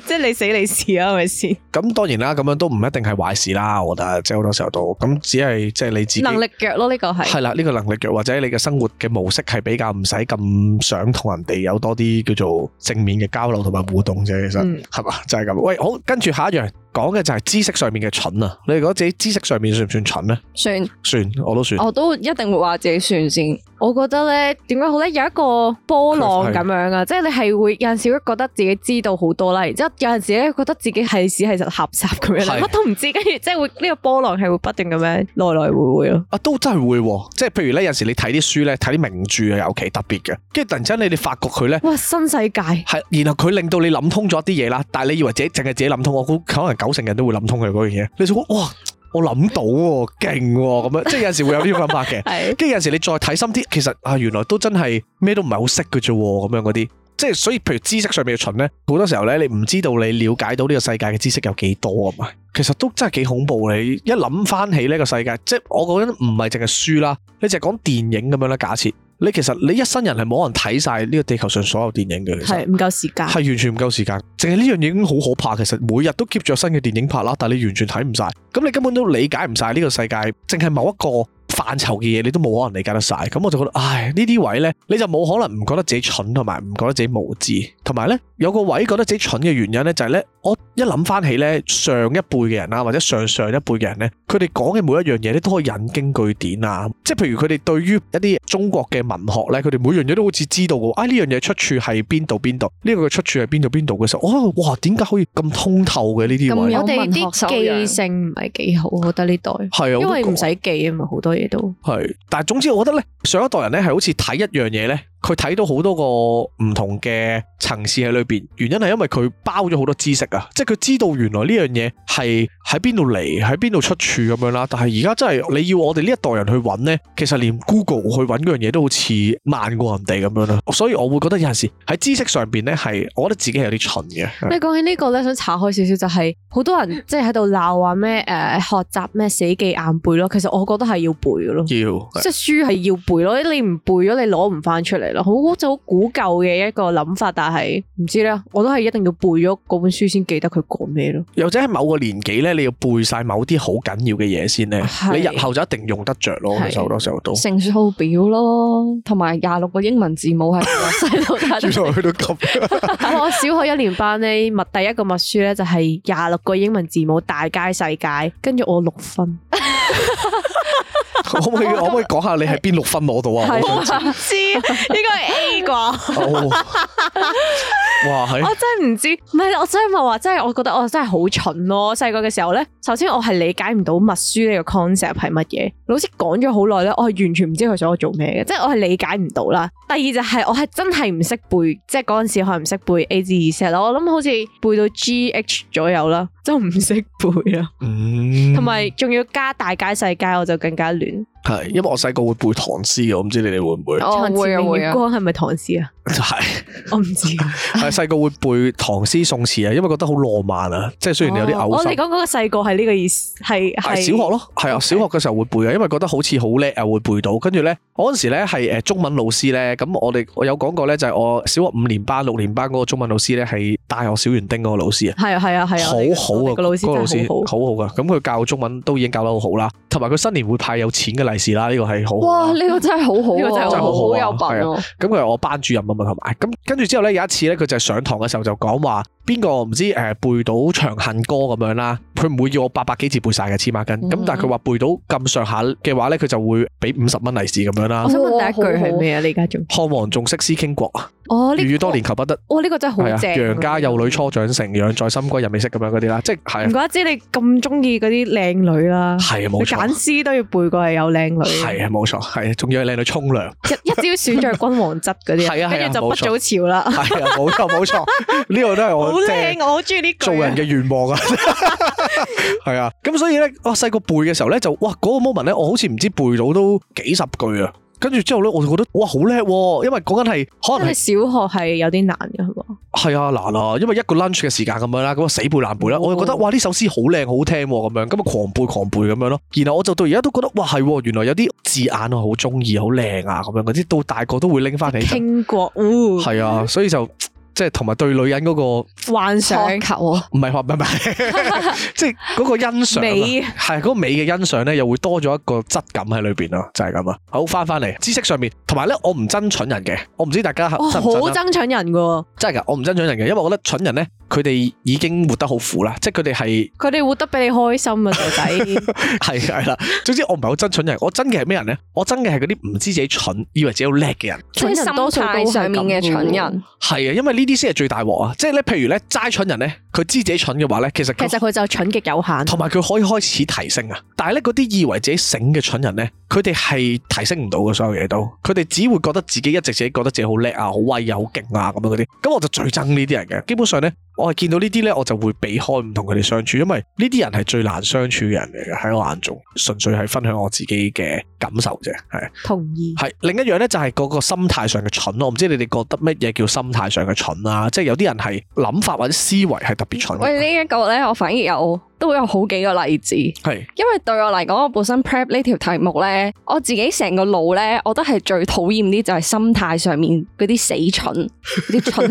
即係你死你事啊，係咪先？咁當然啦，咁樣都唔一定係壞事啦，我覺得，即係好多時候都咁，只係即係你自己能力腳咯，呢個係係啦，呢個能力腳或者你嘅生活嘅模式係比較唔使咁想同人哋有多啲叫做正面嘅。交流同埋互動啫，其實，係嘛、嗯，就係、是、咁。喂，好，跟住下一樣。講嘅就係知識上面嘅蠢啊！你哋覺得自己知識上面算唔算蠢咧？算，算，算，算，算，我都算，我都一定會話自己算先。我覺得咧，點解好咧？有一個波浪咁樣啊，是即係你係會有陣時覺得自己知道好多啦，然之後有陣時咧覺得自己係似係實合閘咁樣，乜是都唔知，跟住即係會呢、這個波浪係會不定咁樣來來回回咯。啊，都真係會、啊，即係譬如咧，有陣時你睇啲書咧，睇啲名著啊，尤其特別嘅，跟住突然之間你哋發覺佢咧，哇，新世界係，然後佢令到你諗通咗一啲嘢啦，但係你以為自己淨係自己諗通，我估可能咁。好成日都會諗通佢嗰樣嘢，你就想，哇，我諗到喎，勁咁樣，即係有陣時會有呢種諗法嘅。跟住 有陣時你再睇深啲，其實啊，原來都真係咩都唔係好識嘅啫，咁樣嗰啲，即係所以，譬如知識上面嘅蠢咧，好多時候咧，你唔知道你了解到呢個世界嘅知識有幾多啊嘛，其實都真係幾恐怖，你一諗翻起呢個世界，即係我覺得唔係淨係書啦，你淨係講電影咁樣啦。假設。你其實你一生人係冇人睇晒呢個地球上所有電影嘅，係唔夠時間，係完全唔夠時間，淨係呢樣嘢已經好可怕。其實每日都 keep 住新嘅電影拍啦，但係你完全睇唔晒，咁你根本都理解唔晒呢個世界，淨係某一個。範疇嘅嘢你都冇可能理解得晒，咁我就覺得，唉呢啲位呢，你就冇可能唔覺得自己蠢同埋唔覺得自己無知，同埋呢，有個位覺得自己蠢嘅原因呢，就係、是、呢：我一諗翻起呢，上一輩嘅人啊或者上上一輩嘅人呢，佢哋講嘅每一樣嘢呢都可以引經據典啊，即係譬如佢哋對於一啲中國嘅文學呢，佢哋每樣嘢都好似知道嘅，啊、哎、呢樣嘢出處係邊度邊度，呢、這個嘅出處係邊度邊度嘅時候，我、哦、哇點解可以咁通透嘅呢啲位？我哋啲記性唔係幾好，我覺得呢代係啊，因為唔使記啊嘛，好多。係，但係總之我覺得咧，上一代人咧係好似睇一樣嘢咧。佢睇到好多個唔同嘅層次喺裏邊，原因係因為佢包咗好多知識啊，即係佢知道原來呢樣嘢係喺邊度嚟，喺邊度出處咁樣啦。但係而家真係你要我哋呢一代人去揾呢？其實連 Google 去揾嗰樣嘢都好似慢過人哋咁樣啦。所以我會覺得有陣時喺知識上邊呢，係，我覺得自己係有啲蠢嘅。你講起呢個呢，想查開少少就係、是、好多人即係喺度鬧話咩誒學習咩死記硬背咯。其實我覺得係要背咯，要即係書係要背咯。你唔背咗，你攞唔翻出嚟。啦，好就好古舊嘅一個諗法，但係唔知咧，我都係一定要背咗嗰本書先記得佢講咩咯。又或者喺某個年紀咧，你要背晒某啲好緊要嘅嘢先咧，是你日後就一定用得着咯。好是多時候都乘數表咯，同埋廿六個英文字母係我細佬。原來去到咁， 我小學一年班呢，默第一個默書咧就係廿六個英文字母大街世界，跟住我六分。 可唔可以可唔可以講下你係邊六分攞到啊？我唔知呢個 A 啩， 哇係！是我真係唔知，唔係我所以咪話，真係我覺得我真係好蠢咯，哦。細個嘅時候咧，首先我係理解唔到默書呢個 concept 係乜嘢，老師講咗好耐咧，我係完全唔知佢想我做咩嘅，即、就、係、是、我係理解唔到啦。第二就係我係真係唔識背，即係嗰陣時可能唔識背 A 至 E set 咯。我諗好似背到 G H 左右啦。都唔識背啦，同埋仲要加大階細階，我就更加亂。係，因為我細個會背唐詩嘅，我唔知你哋會唔會。唐詩明月光係咪唐詩啊？就係 是，我唔知、啊。係細個會背唐詩宋詞啊 okay.，因為覺得好浪漫啊，即係雖然有啲嘔心。我哋講嗰個細個係呢個意思，係係小學咯，係啊，小學嘅時候會背啊，因為覺得好似好叻啊，會背到。跟住咧，我嗰陣時咧係誒中文老師咧，咁我哋我有講過咧，就係我小學五年班、六年班嗰個中文老師咧，係大學小園丁嗰個老師啊，係係啊係啊，好好啊個老師，個老師好、啊、老師好噶、啊，咁佢教中文都已經教得好好、啊、啦，同埋佢新年會派有錢噶。利是啦，呢個係好。哇，呢個真係好好、啊，呢個真係好好、啊，有品啊，咁佢係我班主任啊嘛，同埋咁跟住之後咧，有一次咧，佢就上堂嘅時候就講話邊個唔知誒、呃、背到長恨歌咁樣啦，佢唔會要我八百幾字背晒嘅，黐孖筋。咁、嗯、但係佢話背到咁上下嘅話咧，佢就會俾五十蚊利是咁樣啦、啊。我想問第一句係咩啊？你家仲漢皇重色思傾國啊？御宇多年求不得，哇！呢個真係好正。楊家有女初長成，養在深閨人未識咁樣嗰啲啦，即係唔怪得知你咁中意嗰啲靚女啦。係啊，冇錯，揀詩都要背過係有靚女。係啊，冇錯，係，仲要係靚女沖涼。一朝選在君王側嗰啲，跟住就不早朝啦。冇錯，冇錯，呢個都係我。好靚，我好中意呢個。做人嘅願望啊，係啊。咁所以咧，哇！細個背嘅時候咧，就哇嗰個 moment 咧，我好似唔知背到都幾十句啊。跟住之後咧，我就覺得哇好叻喎，因為講緊係可能係小學係有啲難嘅係嘛，係啊難啊，因為一個 lunch 嘅時間咁樣啦，咁啊死背爛背啦，哦、我就覺得哇呢首詩好靚好聽咁樣，咁啊狂背狂背咁樣咯。然後我就到而家都覺得哇係，原來有啲字眼我好中意，好靚啊咁樣嗰啲，到大個都會拎返嚟。聽過係、哦、啊，所以就。 即係同埋對女人嗰、那個幻想唔係，唔係，唔係，即係嗰個欣賞美，係嗰、那個美嘅欣賞咧，又會多咗一個質感喺裏邊咯，就係咁啊。好翻翻嚟知識上面，同埋咧，我唔憎蠢人嘅，我唔知大家好憎蠢人嘅，真係噶，我唔憎蠢人嘅，因為我覺得蠢人咧，佢哋已經活得好苦啦，即係佢哋係佢哋活得比你開心啊，到底係係啦。總之我唔係好憎蠢人，我憎嘅係咩人咧？我憎嘅係嗰啲唔知自己蠢，以為自己好叻嘅人，所以心態上面嘅蠢人係啊，因為呢。呢啲先係最大鑊啊！即係咧，譬如咧，齋蠢人咧，佢知自己蠢嘅話咧，其實其實佢就係蠢極有限，同埋佢可以開始提升啊！但係咧，嗰啲以為自己醒嘅蠢人咧，佢哋係提升唔到嘅，所有嘢都，佢哋只會覺得自己一直自己覺得自己好叻啊、好威啊、好勁啊咁樣嗰啲。咁我就最憎呢啲人嘅。基本上咧。我係見到呢啲呢，我就會避開唔同佢哋相處，因為呢啲人係最難相處嘅人嚟嘅，喺我眼中純粹係分享我自己嘅感受啫，係。同意。係另一樣呢就係嗰個心態上嘅蠢。我唔知你哋覺得乜嘢叫心態上嘅蠢啊？即係有啲人係諗法或者思維係特別蠢。喂，呢一個呢，我反而有。都有好幾個例子，係是，因為對我嚟講，我本身 prep 呢條題目呢，我自己成個腦呢，我都係最討厭啲就係心態上面嗰啲死蠢，嗰啲蠢。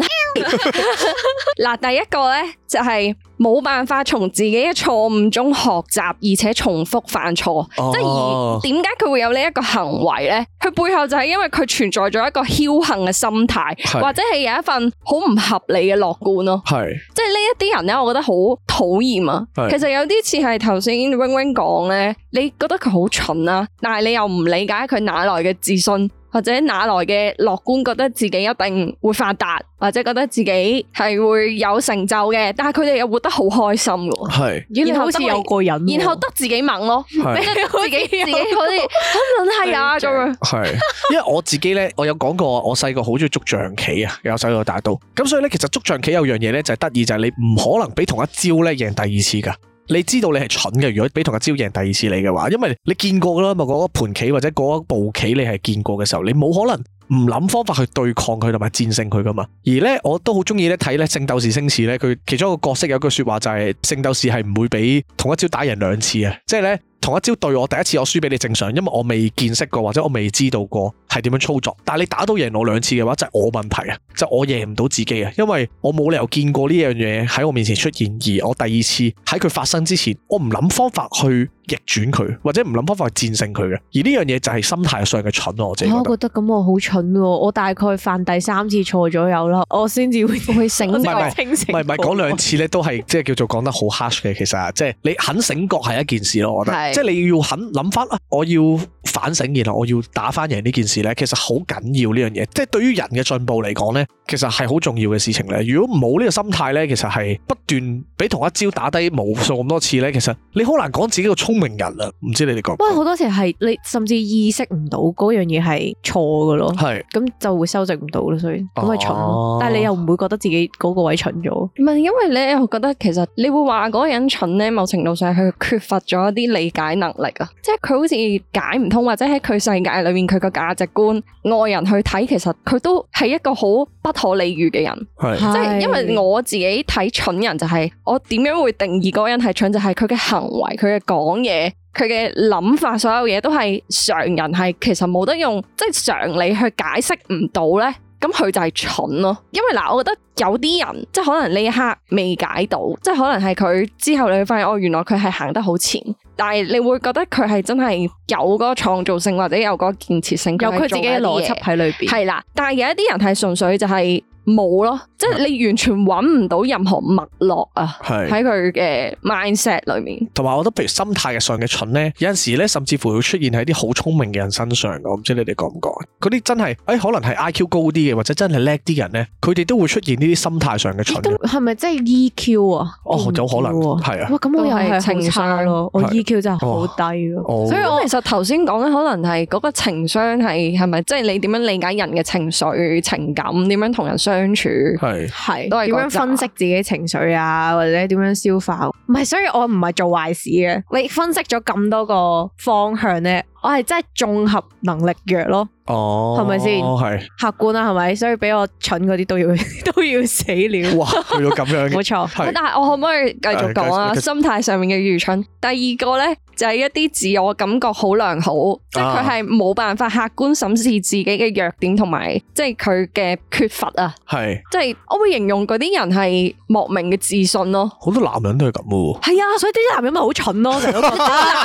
嗱， 第一個呢，就係、是。冇辦法從自己嘅錯誤中學習，而且重複犯錯，oh。即係點解佢會有呢一個行為咧？佢背後就係因為佢存在咗一個僥倖嘅心態，是或者係有一份好唔合理嘅樂觀咯。係是即係呢一啲人咧，我覺得好討厭啊。是其實有啲似係頭先 IN wing wing 講咧，你覺得佢好蠢啦，但係你又唔理解佢哪來嘅自信。或者哪來嘅樂觀覺得自己一定會發達，或者覺得自己係會有成就嘅，但係佢哋又活得好開心噶，是然後似有個人，然後得自己猛咯，俾是自己 自己嗰啲，好卵係啊，咁係，因為我自己咧，我有講過，我細個好中意捉象棋啊，有手有大刀，咁所以咧，其實捉象棋有樣嘢咧就係得意就係、是、你唔可能俾同一招咧贏第二次噶。你知道你係蠢嘅，如果俾同一招贏第二次你嘅話，因為你見過㗎喇嘛，嗰盤棋或者嗰一步棋你係見過嘅時候，你冇可能唔諗方法去對抗佢同埋戰勝佢噶嘛。而呢，我都好中意咧睇咧聖鬥士星矢咧，佢其中一個角色有句説話就係聖鬥士係唔會俾同一招打贏兩次嘅。即係咧同一招對我，第一次我輸俾你正常，因為我未見識過或者我未知道過。係點樣操作？但係你打到贏我兩次嘅話，就係、是、我問題啊！就是、我贏唔到自己啊，因為我冇理由見過呢樣嘢喺我面前出現，而我第二次喺佢發生之前，我唔諗方法去逆轉佢，或者唔諗方法去戰勝佢嘅。而呢樣嘢就係心態上嘅蠢咯，我自己覺得。我覺得咁我好蠢咯，我大概犯第三次錯咗右啦，我先至會會醒 會清醒。唔係唔係，講兩次咧都係即係叫做講得好 hush 嘅，其實啊，即係你肯醒覺係一件事咯，我覺得。是即係你要肯諗翻啦，我要反省然後我要打翻贏呢件事。其實好緊要呢樣嘢，即係對於人嘅進步嚟講呢，其實係好重要嘅事情咧。如果冇呢個心態呢，其實係不斷俾同一招打低無數咁多次呢，其實你好難講自己個聰明人啊。唔知你哋覺得，哇！好多時係你甚至意識唔到嗰樣嘢係錯噶咯，咁是就會修正唔到咯，所以咁係蠢。啊、但係你又唔會覺得自己嗰個位蠢咗？唔係，啊，因為咧，我覺得其實你會話嗰個人蠢呢，某程度上係缺乏咗一啲理解能力啊，即係佢好似解唔通或者喺佢世界裏面佢個價值。觀外人去睇，其實佢都係一個好不可理喻嘅人，是即係因為我自己睇蠢人就係、是、我點樣會定義嗰個人係蠢就係佢嘅行為、佢嘅講嘢、佢嘅諗法，所有嘢都係常人係其實冇得用，即係常理去解釋唔到咧，咁佢就係蠢咯。因為嗱、呃，我覺得有啲人即係可能呢一刻未解到，即係可能係佢之後你會發現，哦，原來佢係行得好前。但係你會覺得佢係真係有嗰個創造性或者有嗰個建設性，有佢自己嘅邏輯喺裏面。係啦，但係有一啲人係純粹就係、是。冇咯，即係你完全揾唔到任何脈絡啊！喺佢嘅是 mindset 裏面，同埋我覺得，譬如心態上嘅蠢咧，有陣時咧，甚至乎會出現喺啲好聰明嘅人身上嘅。我唔知你哋覺唔覺？嗰啲真係，誒、欸、可能係 IQ 高啲嘅，或者真係叻啲人咧，佢哋都會出現呢啲心態上嘅蠢嘅。係咪即係 EQ 啊？哦，有、e 啊哦、可能，係、e、啊。咁、啊哦、我又係情差咯，哦、我，是我 EQ 真係好低、哦、所以我其實頭先講咧，可能係嗰、嗰個情商係係咪即係你點樣理解人嘅情緒情感，點樣同人相？相處係係都係點樣分析自己情緒啊，或者點樣消化啊？唔係，所以我唔係做壞事嘅。你分析咗咁多個方向呢。我係真係綜合能力弱咯，係咪先？客觀啦，係咪？所以俾我蠢嗰啲都要 都要死了。哇，要咁樣？冇錯 錯。是但係我可唔可以繼續講啊？哎、心態上面嘅愚蠢。第二個咧就係、是、一啲自我感覺好良好，啊、即係佢係冇辦法客觀審視自己嘅弱點同埋，即係佢嘅缺乏啊。係，即係我會形容嗰啲人係莫名嘅自信咯。好多男人都係咁嘅。係啊，所以啲男人咪好蠢咯、啊。 男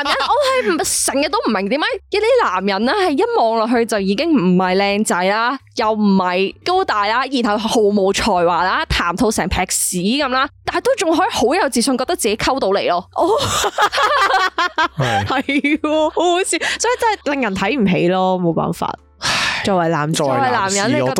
人，我係唔成日都唔明點解。一啲男人啦，係一望落去就已經唔係靚仔啦，又唔係高大啦，然後毫無才華啦，談吐成劈屎咁啦，但係都仲可以好有自信，覺得自己溝到你咯。哦、oh 係 喎，好好笑，所以真係令人睇唔起咯，冇辦法。作為男作為男人咧，冇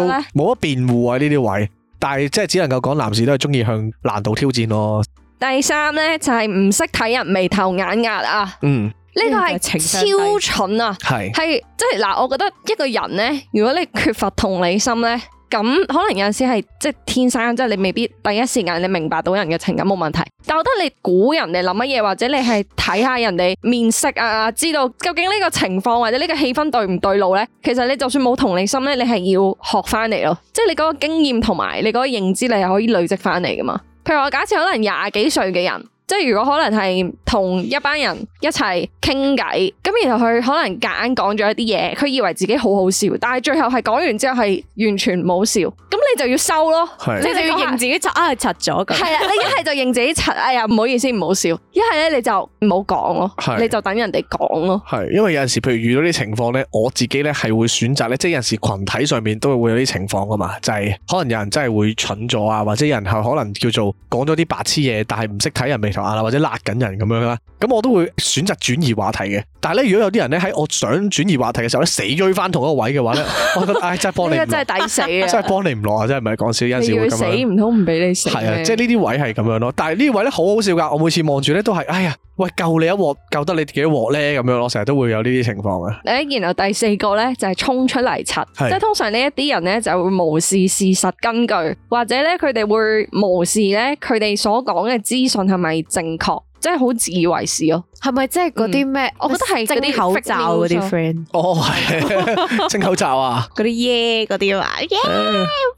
得辯護啊呢啲位，但係即係只能夠講，男士都係中意向難度挑戰咯。第三咧就係唔識睇人眉頭眼額啊。嗯。呢個係超蠢啊！係，即係嗱，我覺得一個人咧，如果你缺乏同理心咧，咁可能有陣時係即係天生，即係你未必第一時間你明白到人嘅情感冇問題。但我覺得你估人哋諗乜嘢，或者你係睇下人哋面色啊，知道究竟呢個情況或者呢個氣氛對唔對路咧？其實你就算冇同理心咧，你係要學翻嚟咯，即係你嗰個經驗同埋你嗰個認知力，你係可以累積翻嚟噶嘛。譬如我假設可能廿幾歲嘅人。即係如果可能係同一班人一齊傾偈，咁然後佢可能夾硬講咗一啲嘢，佢以為自己好好笑，但係最後係講完之後係完全唔好笑，咁你就要收咯，是你就要，你要認自己柒啊柒咗噶。係，哎那個，啊，你一係就認自己柒，哎呀唔好意思唔好笑，一係咧你就唔好講咯，是你就等人哋講咯。係，因為有陣時譬如遇到啲情況咧，我自己咧係會選擇咧，即係有陣時群體上面都係會有啲情況噶嘛，就係、是、可能有人真係會蠢咗啊，或者有人係可能叫做講咗啲白痴嘢，但係唔識睇人眉或者辣緊人咁樣啦，咁我都會選擇轉移話題嘅。但係咧，如果有啲人咧喺我想轉移話題嘅時候咧，死追翻同一個位嘅話咧， 我覺得唉真係幫你，呢個真係抵死啊！真係幫你唔落啊！ 真係唔係講笑，有陣時會死唔通，唔俾你死。係啊，即係呢啲位係咁樣咯。但係呢位咧好好笑噶，我每次望住咧都係，哎呀，喂，救你一鑊，救得你幾多鑊咧咁樣。我成日都會有呢啲情況嘅。然後第四個咧就係衝出嚟插，是的 即係通常呢一啲人咧就會無視事實根據，或者咧佢哋會無視咧佢哋所講嘅資訊係咪正確，即係好自以為是咯。係咪即係嗰啲咩？我覺得係蒸口罩嗰啲 friend。哦，係蒸 口罩啊！嗰啲耶嗰啲嘛耶，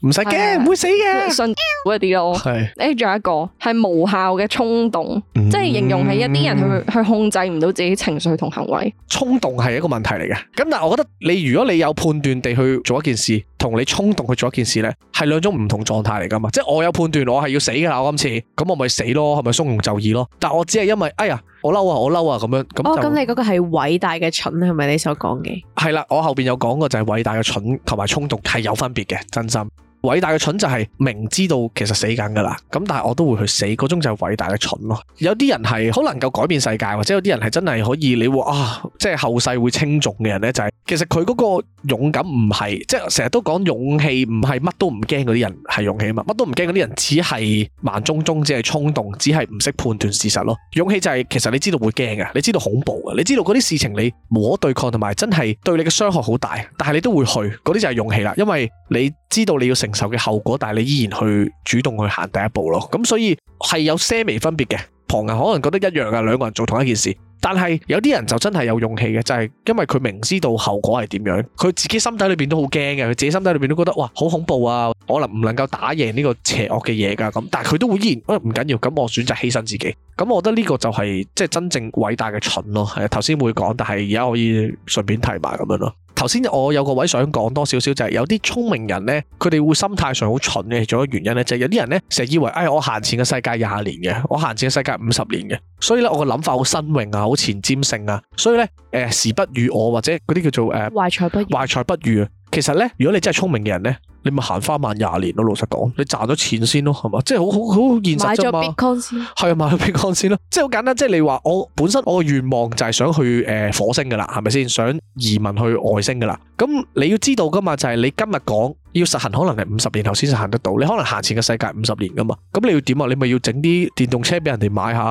唔使驚，唔 會死嘅，信嗰啲咯。係誒，仲有一個係無效嘅衝動，嗯、即係形容係一啲人去去控制唔到自己情緒同行為。衝動係一個問題嚟嘅。咁但係我覺得你如果你有判斷地去做一件事，同你衝動去做一件事咧，係兩種唔同狀態嚟噶嘛。即係我有判斷，我係要死嘅啦。我今次咁，我咪死咯，係咪從容就義咯？但我只係因為哎呀。我嬲啊！我嬲啊！咁樣咁哦，咁你嗰個係偉大嘅蠢係咪你所講嘅？係啦，我後邊有講過就係偉大嘅蠢同埋衝動係有分別嘅，真心。偉大嘅蠢就係明知道其實死緊噶啦，咁但係我都會去死，嗰種就係偉大嘅蠢咯。有啲人係好能夠改變世界，或者有啲人係真係可以你話啊，即係後世會稱頌嘅人呢，就係其實佢嗰個勇敢唔係，即係成日都講勇氣唔係乜都唔驚嗰啲人係勇氣啊嘛，乜都唔驚嗰啲人只係盲中中，只係衝動，只係唔識判斷事實咯。勇氣就係其實你知道會驚嘅，你知道恐怖嘅，你知道嗰啲事情你無可對抗，同埋真係對你嘅傷害好大，但係你都會去，嗰啲就係勇氣啦，因為你。知道你要承受嘅後果，但係你依然去主動去行第一步咯。咁所以係有些微分別嘅。旁人可能覺得一樣噶，兩個人做同一件事，但係有啲人就真係有勇氣嘅，就係因為佢明知道後果係點樣，佢自己心底裏邊都好驚嘅，佢自己心底裏邊都覺得哇好恐怖啊，可能唔能夠打贏呢個邪惡嘅嘢噶。咁但係佢都會依然，唔緊要，咁我選擇犧牲自己。咁我覺得呢個就係即係真正偉大嘅蠢咯。頭先會講，但係而家可以順便提埋咁樣咯。頭先我有個位想講多少少，就係有啲聰明人呢，佢哋會心態上好蠢嘅，仲有原因呢，就係、是、有啲人呢，成日以為，誒、哎、我行前嘅世界廿年嘅，我行前嘅世界五十年嘅，所以呢，我個諗法好新穎啊，好前瞻性啊，所以呢，誒、呃、時不如我或者嗰啲叫做誒懷才不懷才不遇，其實呢，如果你真係聰明嘅人呢。你咪行返萬廿年咯，老實講，你賺咗錢先咯，係嘛？即係好好好現實啫嘛。買咗 Bitcoin 先，係啊，買咗 Bitcoin 先啦。即係好簡單，即係你話我本身我嘅願望就係想去誒、呃、火星噶啦，係咪先？想移民去外星噶啦。咁你要知道噶嘛，就係、是、你今日講要實行，可能係五十年後先實行得到。你可能行前嘅世界五十年噶嘛，咁你要點啊？你咪要整啲電動車俾人哋買下，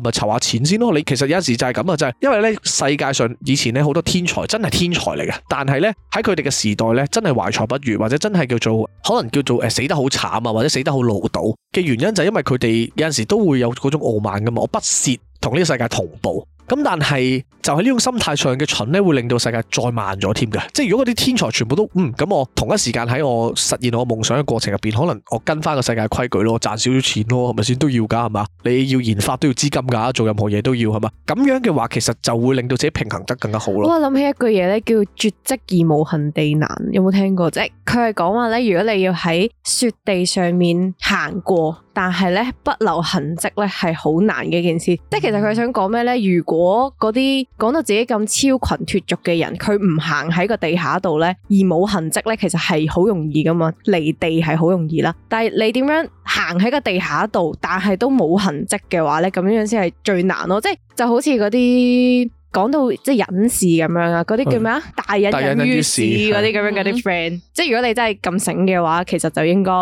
咪籌下錢先咯。你其實有陣時就係咁啊，就係、是、因為呢世界上以前呢好多天才真係天才嚟嘅，但係呢，喺佢哋嘅時代呢，真係懷才不遇，或者真係叫做可能叫做誒、呃、死得好慘啊，或者死得好潦倒嘅原因就係因為佢哋有陣時都會有嗰種傲慢噶嘛，我不屑同呢個世界同步。咁但係就係、是、呢種心態上嘅蠢咧，會令到世界再慢咗添嘅。即係如果嗰啲天才全部都嗯咁,那我同一時間喺我實現我夢想嘅過程入面，可能我跟翻個世界規矩咯，賺少少錢咯，係咪先？都要噶，係嘛？你要研發都要資金噶，做任何嘢都要，係嘛？咁樣嘅話，其實就會令到自己平衡得更加好咯。我諗起一句嘢咧，叫絕迹而無痕地難，有冇聽過啫？即係，佢係講話咧，如果你要喺雪地上面行過。但係咧，不留痕跡咧，係好難嘅一件事。即係、嗯、其實佢想講咩咧？如果嗰啲講到自己咁超群脫俗嘅人，佢唔行喺個地下度咧，而冇痕跡咧，其實係好容易噶嘛，離地係好容易啦。但係你點樣行喺個地下度，但係都冇痕跡嘅話咧，咁樣先係最難咯。即、就、係、係、就好似嗰啲講到即係隱士咁樣啊，嗰啲、嗯、叫咩啊？大隱隱於市嗰啲咁樣嗰啲 friend。即係、嗯、如果你真係咁醒嘅話，其實就應該。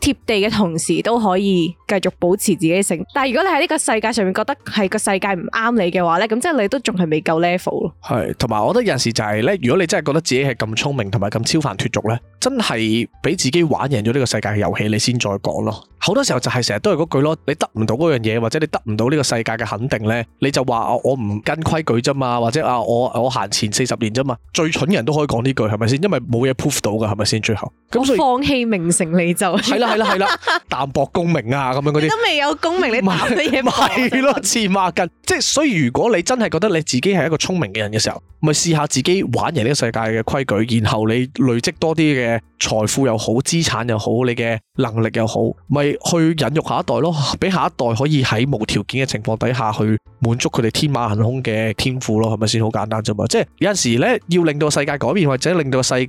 貼地嘅同時都可以繼續保持自己性，但如果你喺呢個世界上面覺得係個世界唔啱你嘅話咧，咁即係你都仲係未夠 level 咯。係，同埋我覺得有時就係、是、咧，如果你真係覺得自己係咁聰明同埋咁超凡脫俗呢。真係俾自己玩贏咗呢個世界嘅遊戲，你先再講咯。好多時候就係成日都係嗰句咯，你得唔到嗰樣嘢，或者你得唔到呢個世界嘅肯定呢，你就話我唔跟規矩啫嘛，或者啊我我行前四十年啫嘛，最蠢人都可以講呢句係咪先？因為冇嘢 prove 到嘅係咪先？最後咁所以放棄名成利就係啦，係啦，係啦，淡薄功名啊，咁樣嗰啲都未有功名你攬啲嘢係咯，黐孖筋，即係所以如果你真係覺得你自己係一個聰明嘅人嘅時候，咪試下自己玩贏呢個世界嘅規矩，然後你累積多啲嘅。嘅財富又好，資產又好，你嘅能力又好，咪去孕育下一代咯，俾下一代可以喺無條件嘅情況底下去滿足佢哋天馬行空嘅天賦咯，係咪先？好簡單啫嘛，即係有陣時呢，要令到世界改變或者令到世界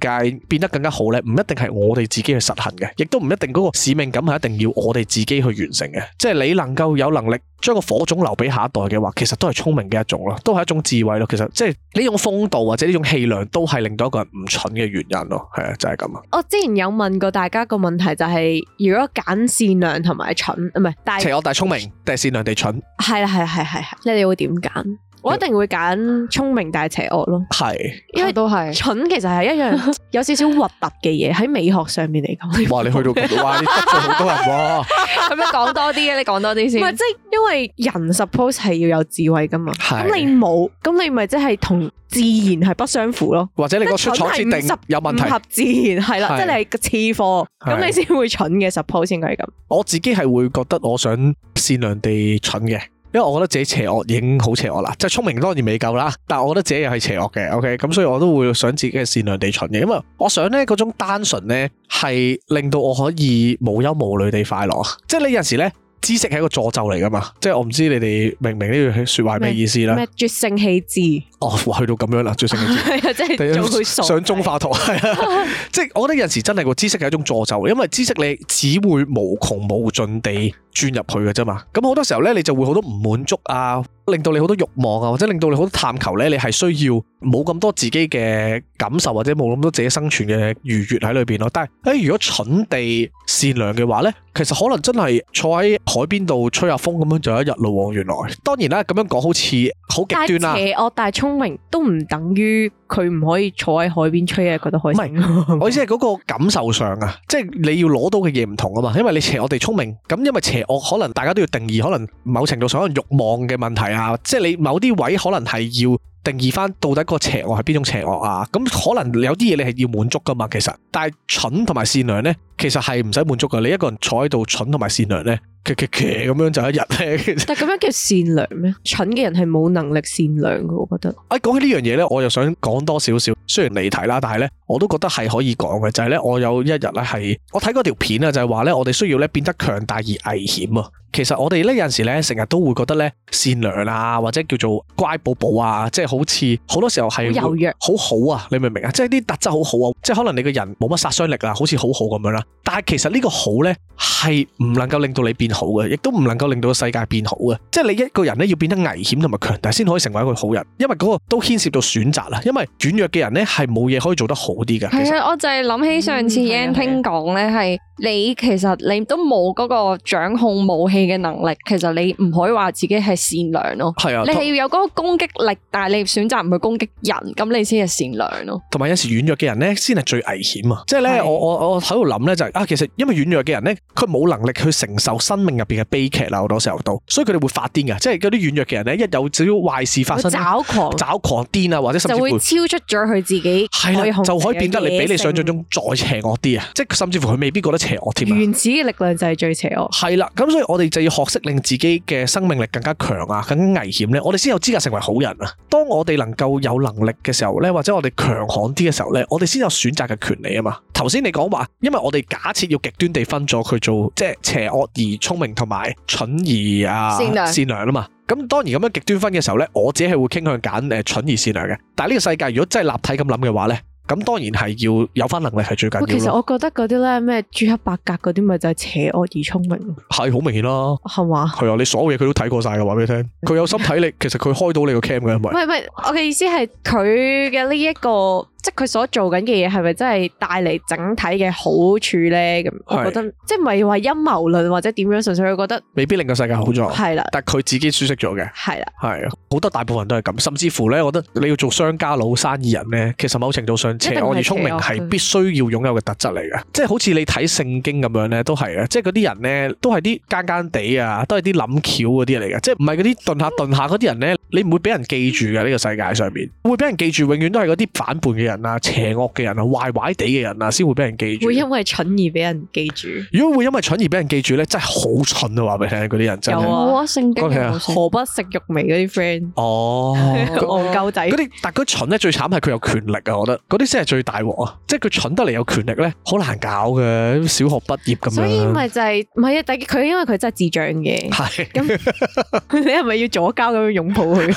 變得更加好呢，唔一定係我哋自己去實行嘅，亦都唔一定嗰個使命感係一定要我哋自己去完成嘅，即係你能夠有能力。將個火種留俾下一代嘅話，其實都係聰明嘅一種咯，都係一種智慧咯。其實即係呢種風度或者呢種氣量，都係令到一個人唔蠢嘅原因咯。係啊，就係咁啊。我之前有問過大家個問題，就是，就係如果揀善良同埋蠢，唔係，即係我，大聰明，定係善良地蠢？係啦，係啦，係係係。你哋會點揀？我一定會揀聰明大邪惡咯，係，因為都係蠢，其實係一樣有少少核突嘅嘢喺美學上面嚟講。哇，你去到哇，你得罪好多人喎。咁樣講多啲嘅，你講多啲先。唔係，即係因為人 suppose 係要有智慧㗎嘛。咁你冇，咁你咪即係同自然係不相符咯。或者你個出廠設定有問題，合自然係啦。即係你係個次貨，咁你先會蠢嘅。Suppose 先係咁。我自己係會覺得我想善良地蠢嘅。因為我覺得自己邪惡已經好邪惡啦，即係聰明當然未夠啦，但係我覺得自己又係邪惡嘅。OK，咁所以我都會想自己係善良地蠢嘅，因為我想咧嗰種單純咧係令到我可以無憂無慮地快樂。即係你有時咧，知識係一個詛咒嚟㗎嘛。即係我唔知你哋明唔明呢句説話係咩意思啦，咩絕聖棄智哦，去到咁樣啦，絕聖棄智係啊，即係做上中化堂係啊，即係我覺得有時真係個知識係一種詛咒，因為知識你只會無窮無盡地，鑽入去嘅啫嘛，咁好多時候咧，你就會好多唔滿足啊，令到你好多欲望啊，或者令到你好多探求咧，你係需要冇咁多自己嘅感受，或者冇咁多自己生存嘅愉悦喺裏邊咯。但係誒、欸，如果蠢地善良嘅話咧，其實可能真係坐喺海邊度吹下風咁樣就一日咯。原來，當然啦、啊，咁樣講好似好極端啊。邪惡但係聰明都唔等於佢唔可以坐喺海邊吹啊，覺得開心。唔係 我意思係嗰個感受上啊，即係你要攞到嘅嘢唔同啊嘛，因為你邪我哋聰明，咁因為邪。我可能大家都要定義，可能某程度上可能慾望嘅問題啊，即係你某啲位可能係要定義返到底個邪惡係邊種邪惡啊，咁可能有啲嘢你係要滿足噶嘛，其實，但係蠢同埋善良呢，其實係唔使滿足噶，你一個人坐喺度蠢同埋善良呢，咁樣就一日 但咁樣叫善良咩？蠢嘅人係冇能力善良嘅。我覺得。哎，講起呢樣嘢咧，我又想講多少少，雖然離題啦，但係咧，我都覺得係可以講嘅，就係咧，我有一日咧係，我睇嗰條片啊，就係話咧，我哋需要咧變得強大而危險啊。其實我哋呢，有陣時咧成日都會覺得咧善良啊，或者叫做乖寶寶啊，即係好似好多時候係好弱，好好啊，你明唔明啊？即係啲特質好好啊，即係可能你個人冇乜殺傷力啊，好似好好咁樣啦。但係其實呢個好咧係唔能夠令到你變。好嘅，亦都唔能夠令到世界變好嘅，即係你一個人咧，要變得危險同埋強大先可以成為一個好人。因為嗰個都牽涉到選擇啦。因為軟弱嘅人咧，係冇嘢可以做得好啲嘅。的其實我就係諗起上次 a n、嗯嗯、聽講咧，係你，其實你都冇嗰個掌控武器嘅能力。其實你唔可以話自己係善良咯。係啊，的你係要有嗰個攻擊力，但係你選擇唔去攻擊人，咁你先係善良咯，啊。同埋有，有時軟弱嘅人咧，先係最危險啊！即係咧，我我我喺度諗咧就係、是、啊，其實因為軟弱嘅人咧，佢冇能力去承受新。生命入邊嘅悲劇啦，好多時候都，所以佢哋會發癲嘅，即係嗰啲軟弱嘅人咧，一有少少壞事發生，找狂、找狂癲啊，或者甚至會,會超出咗佢自己，係就可以變得你比你想象中再邪惡啲啊！即係甚至乎佢未必覺得邪惡添。原始嘅力量就係最邪惡，係啦。咁所以我哋就要學識令自己嘅生命力更加強啊！更加危險咧，我哋先有資格成為好人啊！當我哋能夠有能力嘅時候咧，或者我哋強悍啲嘅時候咧，我哋先有選擇嘅權利啊嘛！頭先你講話，因為我哋假設要極端地分咗佢做，即係邪惡而。聰明同埋蠢而啊，善良善良吖嘛，咁當然咁樣極端分嘅時候咧，我自己係會傾向揀誒蠢而善良嘅。但係呢個世界如果真係立體咁諗嘅話咧，咁當然係要有返能力係最緊要。其實我覺得嗰啲咧咩朱黑白格嗰啲咪就係邪惡而聰明，係好明顯咯，係嘛嗎？係啊，你所有嘢，佢都睇過晒嘅，話俾你聽，佢有心體力，其實佢開到你個 cam 嘅，係咪？唔係 唔係，我嘅意思係佢嘅呢一個。即係佢所做緊嘅嘢，係咪真係帶嚟整體嘅好處咧？咁我覺得，是即係唔係話陰謀論或者點樣，純粹佢覺得未必令個世界好咗。係啦的，但佢自己舒適咗嘅。係啦的，係啊，好多大部分都係咁。甚至乎咧，我覺得你要做商家佬、生意人咧，其實某程度上，我而聰明係必須要擁有嘅特質嚟嘅。即係好似你睇聖經咁樣咧，都係嘅。即係嗰啲人咧，都係啲奸奸地啊，都係啲諗橋嗰啲嚟嘅。即係唔係嗰啲鈍下鈍下嗰啲人咧，你唔會俾人記住嘅。呢個世界上邊，會俾人記住永遠都係嗰啲反叛嘅人啊，邪惡嘅人啊，壞壞地嘅人啊，先會俾人記住。會因為蠢而俾人記住。如果會因為蠢而俾人記住咧，真係好蠢啊！話俾你聽，嗰啲人真係有啊，的啊性激何不食肉糜嗰啲 friend。哦，唔、哦、仔。嗰啲但佢蠢咧，最慘係佢有權力啊！我覺得嗰啲先係最大鑊啊！即係佢蠢得嚟，有權力咧，好難搞嘅。小學畢業咁樣，所以咪就係唔係啊？但係佢因為佢真係智障嘅，係咁你係咪要左膠咁樣擁抱佢？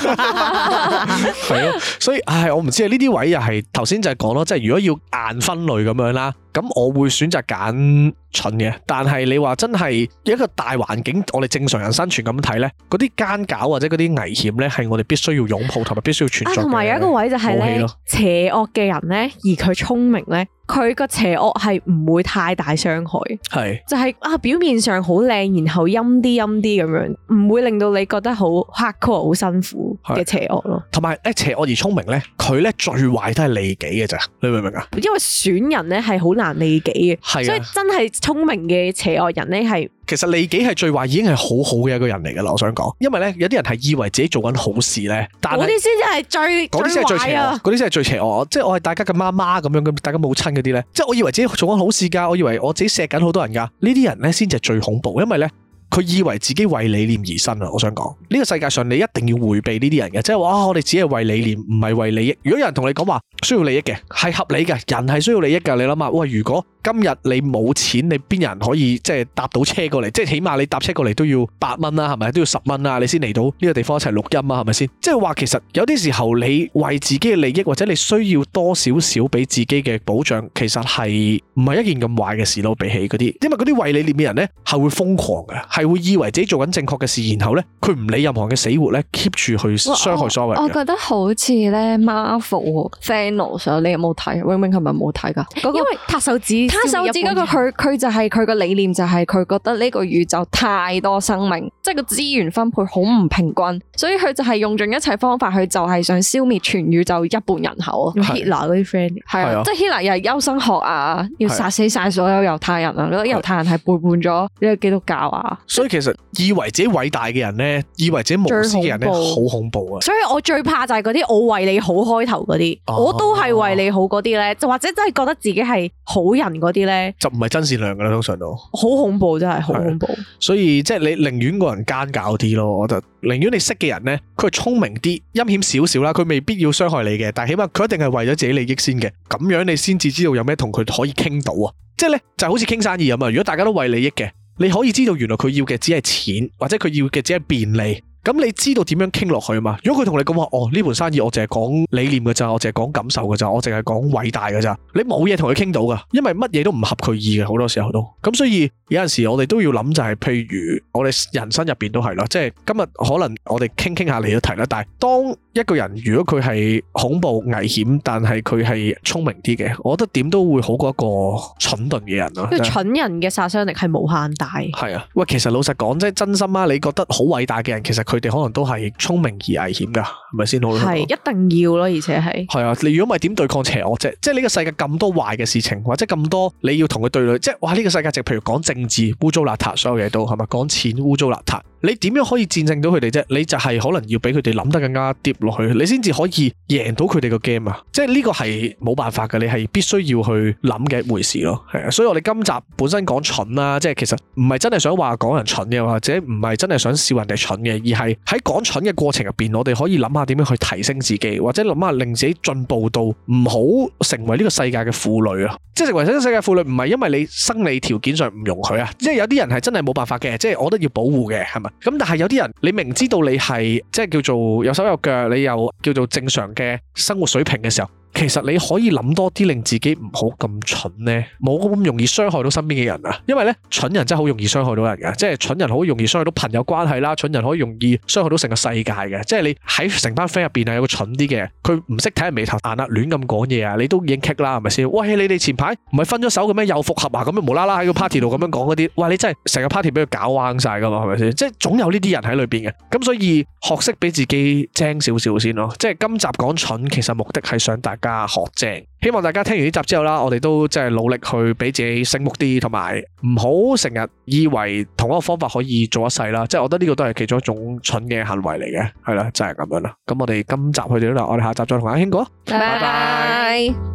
係咯，所以唉，我唔知啊。呢啲位又係頭先就係講咯，即係如果要硬分類咁樣啦，咁我會選擇揀。蠢嘅，但係你話真係一個大環境，我哋正常人生存咁睇咧，嗰啲奸狡或者嗰啲危險咧，係我哋必須要擁抱同埋必須要存在。同埋、啊、有一個位就係咧，器邪惡嘅人咧，而佢聰明咧，佢個邪惡係唔會太大傷害，係是就係啊，表面上好靚，然後陰啲陰啲咁樣，唔會令到你覺得好黑酷、好辛苦嘅邪惡咯。同埋誒，邪惡而聰明咧，佢咧最壞都係利己嘅咋，你明唔明啊？因為損人咧係好難利己嘅，啊、所以真係。聰明嘅邪惡人咧，係其實利己係最壞已經係好好嘅一個人嚟噶啦。我想講，因為咧有啲人係以為自己做緊好事咧，但嗰啲先係最啲先係最邪惡，嗰啲先係最邪惡。即係我係大家嘅媽媽咁樣嘅，大家母親嗰啲咧，即係我以為自己做緊好事噶，我以為我自己錫緊好多人噶。呢啲人咧先至係最恐怖，因為咧。佢以為自己為理念而生啊！我想講呢個世界上你一定要迴避呢啲人嘅，即係話啊，我哋只係為理念，唔係為利益。如果有人同你講話需要利益嘅，係合理嘅，人係需要利益㗎。你諗下，喂，哎，如果今日你冇錢，你邊人可以即係搭到車過嚟？即係起碼你搭車過嚟都要八蚊啦，係咪都要十蚊啊？你先嚟到呢個地方一齊錄音啊，係咪先？即係話其實有啲時候你為自己嘅利益，或者你需要多少少俾自己嘅保障，其實係唔係一件咁壞嘅事咯？比起嗰啲，因為嗰啲為理念嘅人呢，係會瘋狂嘅，係。你會以為自己做緊正確嘅事，然後呢，佢唔理任何嘅死活呢 keep 住去傷害所有人。我,我覺得好似呢 Marvel Final 上你有冇睇？Wing Wing 係咪冇睇噶？Wing Wing 那個、因為拍手指、拍手指嗰、那個佢，佢就係佢個理念就係、是、佢覺得呢個宇宙太多生命，即係個資源分配好唔平均，所以佢就係用盡一切方法，佢就係想消滅全宇宙一半人口啊！Hitler 啲 friend 係啊，即係 Hitler 又係優生學啊，要殺死晒所有猶太人啊的！你覺得猶太人係背叛咗呢個基督教啊！所以其實以為自己偉大嘅人呢，以為自己無私嘅人呢，好恐怖啊！怖所以我最怕就係嗰啲我為你好開頭嗰啲，啊、我都係為你好嗰啲呢，就或者真係覺得自己係好人嗰啲呢，就唔係真善良噶啦，通常都好恐怖，真係好恐怖。所以即係你寧願個人奸狡啲咯，我覺得寧願你識嘅人呢，佢係聰明啲，陰險少少啦，佢未必要傷害你嘅，但起碼佢一定係為咗自己利益先嘅。咁樣你先至知道有咩同佢可以傾到啊！即係呢，就好似傾生意咁啊！如果大家都為利益嘅。你可以知道，原來佢要嘅只係錢，或者佢要嘅只係便利。咁你知道點樣傾落去嘛？如果佢同你講話，哦，呢盤生意我淨係講理念噶咋，我淨係講感受噶咋，我淨係講偉大噶咋，你冇嘢同佢傾到噶，因為乜嘢都唔合佢意嘅，好多時候都。咁所以有陣時我哋都要諗就係、是，譬如我哋人生入邊都係啦，即係今日可能我哋傾傾下呢都提啦，但係當。一個人如果佢係恐怖危險，但係佢係聰明啲嘅，我覺得點都會好過一個蠢鈍嘅人咯、啊。因為蠢人嘅殺傷力係無限大。係啊，喂，其實老實講，即係真心啊，你覺得好偉大嘅人，其實佢哋可能都係聰明而危險噶，係咪先好咧？係一定要咯，而且係。係啊，你如果唔係點對抗邪惡啫？即係呢個世界咁多壞嘅事情，或者咁多你要同佢對壘，即係哇呢個世界，就譬如講政治污糟邋遢，所有嘢都係咪？講錢污糟邋遢。你點樣可以戰勝到佢哋啫？你就係可能要俾佢哋諗得更加跌落去，你先至可以贏到佢哋個 game 啊！即係呢個係冇辦法嘅，你係必須要去諗嘅一回事咯。係啊，所以我哋今集本身講蠢啦，即係其實唔係真係想話講人蠢嘅，或者唔係真係想笑人哋蠢嘅，而係喺講蠢嘅過程入邊，我哋可以諗下點樣去提升自己，或者諗下令自己進步到唔好成為呢個世界嘅婦女啊！即係成為呢個世界婦女唔係因為你生理條件上唔容許啊，即係有啲人係真係冇辦法嘅，即係我都要保護嘅，係咪？咁但係有啲人，你明知道你係即係叫做有手有腳，你又叫做正常嘅生活水平嘅時候。其實你可以諗多啲令自己唔好咁蠢呢，冇咁容易傷害到身邊嘅人啊！因為咧，蠢人真係好容易傷害到人嘅，即係蠢人好容易傷害到朋友關係啦，蠢人可以容易傷害到成個世界嘅。即係你喺成班 friend 入邊啊，有個蠢啲嘅，佢唔識睇人眉頭眼啊，亂咁講嘢啊，你都已經棘啦，係咪先？喂，你哋前排唔係分咗手咁樣？又復合啊？咁無啦啦喺個 party 度咁樣講嗰啲，喂，你真係成個 party 俾佢搞彎晒噶嘛？係咪先？即係總有呢啲人喺裏邊嘅，咁所以學識俾自己精少少先咯。即係今集講蠢，其實目的係想大學正，希望大家聽完呢集之後啦，我哋都即係努力去俾自己醒目啲，同埋唔好成日以為同一個方法可以做一世啦。即係我覺得呢個都係其中一種蠢嘅行為嚟嘅，係啦，就係、是、咁樣啦。咁我哋今集去到呢度，我哋下集再同阿軒哥。拜拜 bye。Bye bye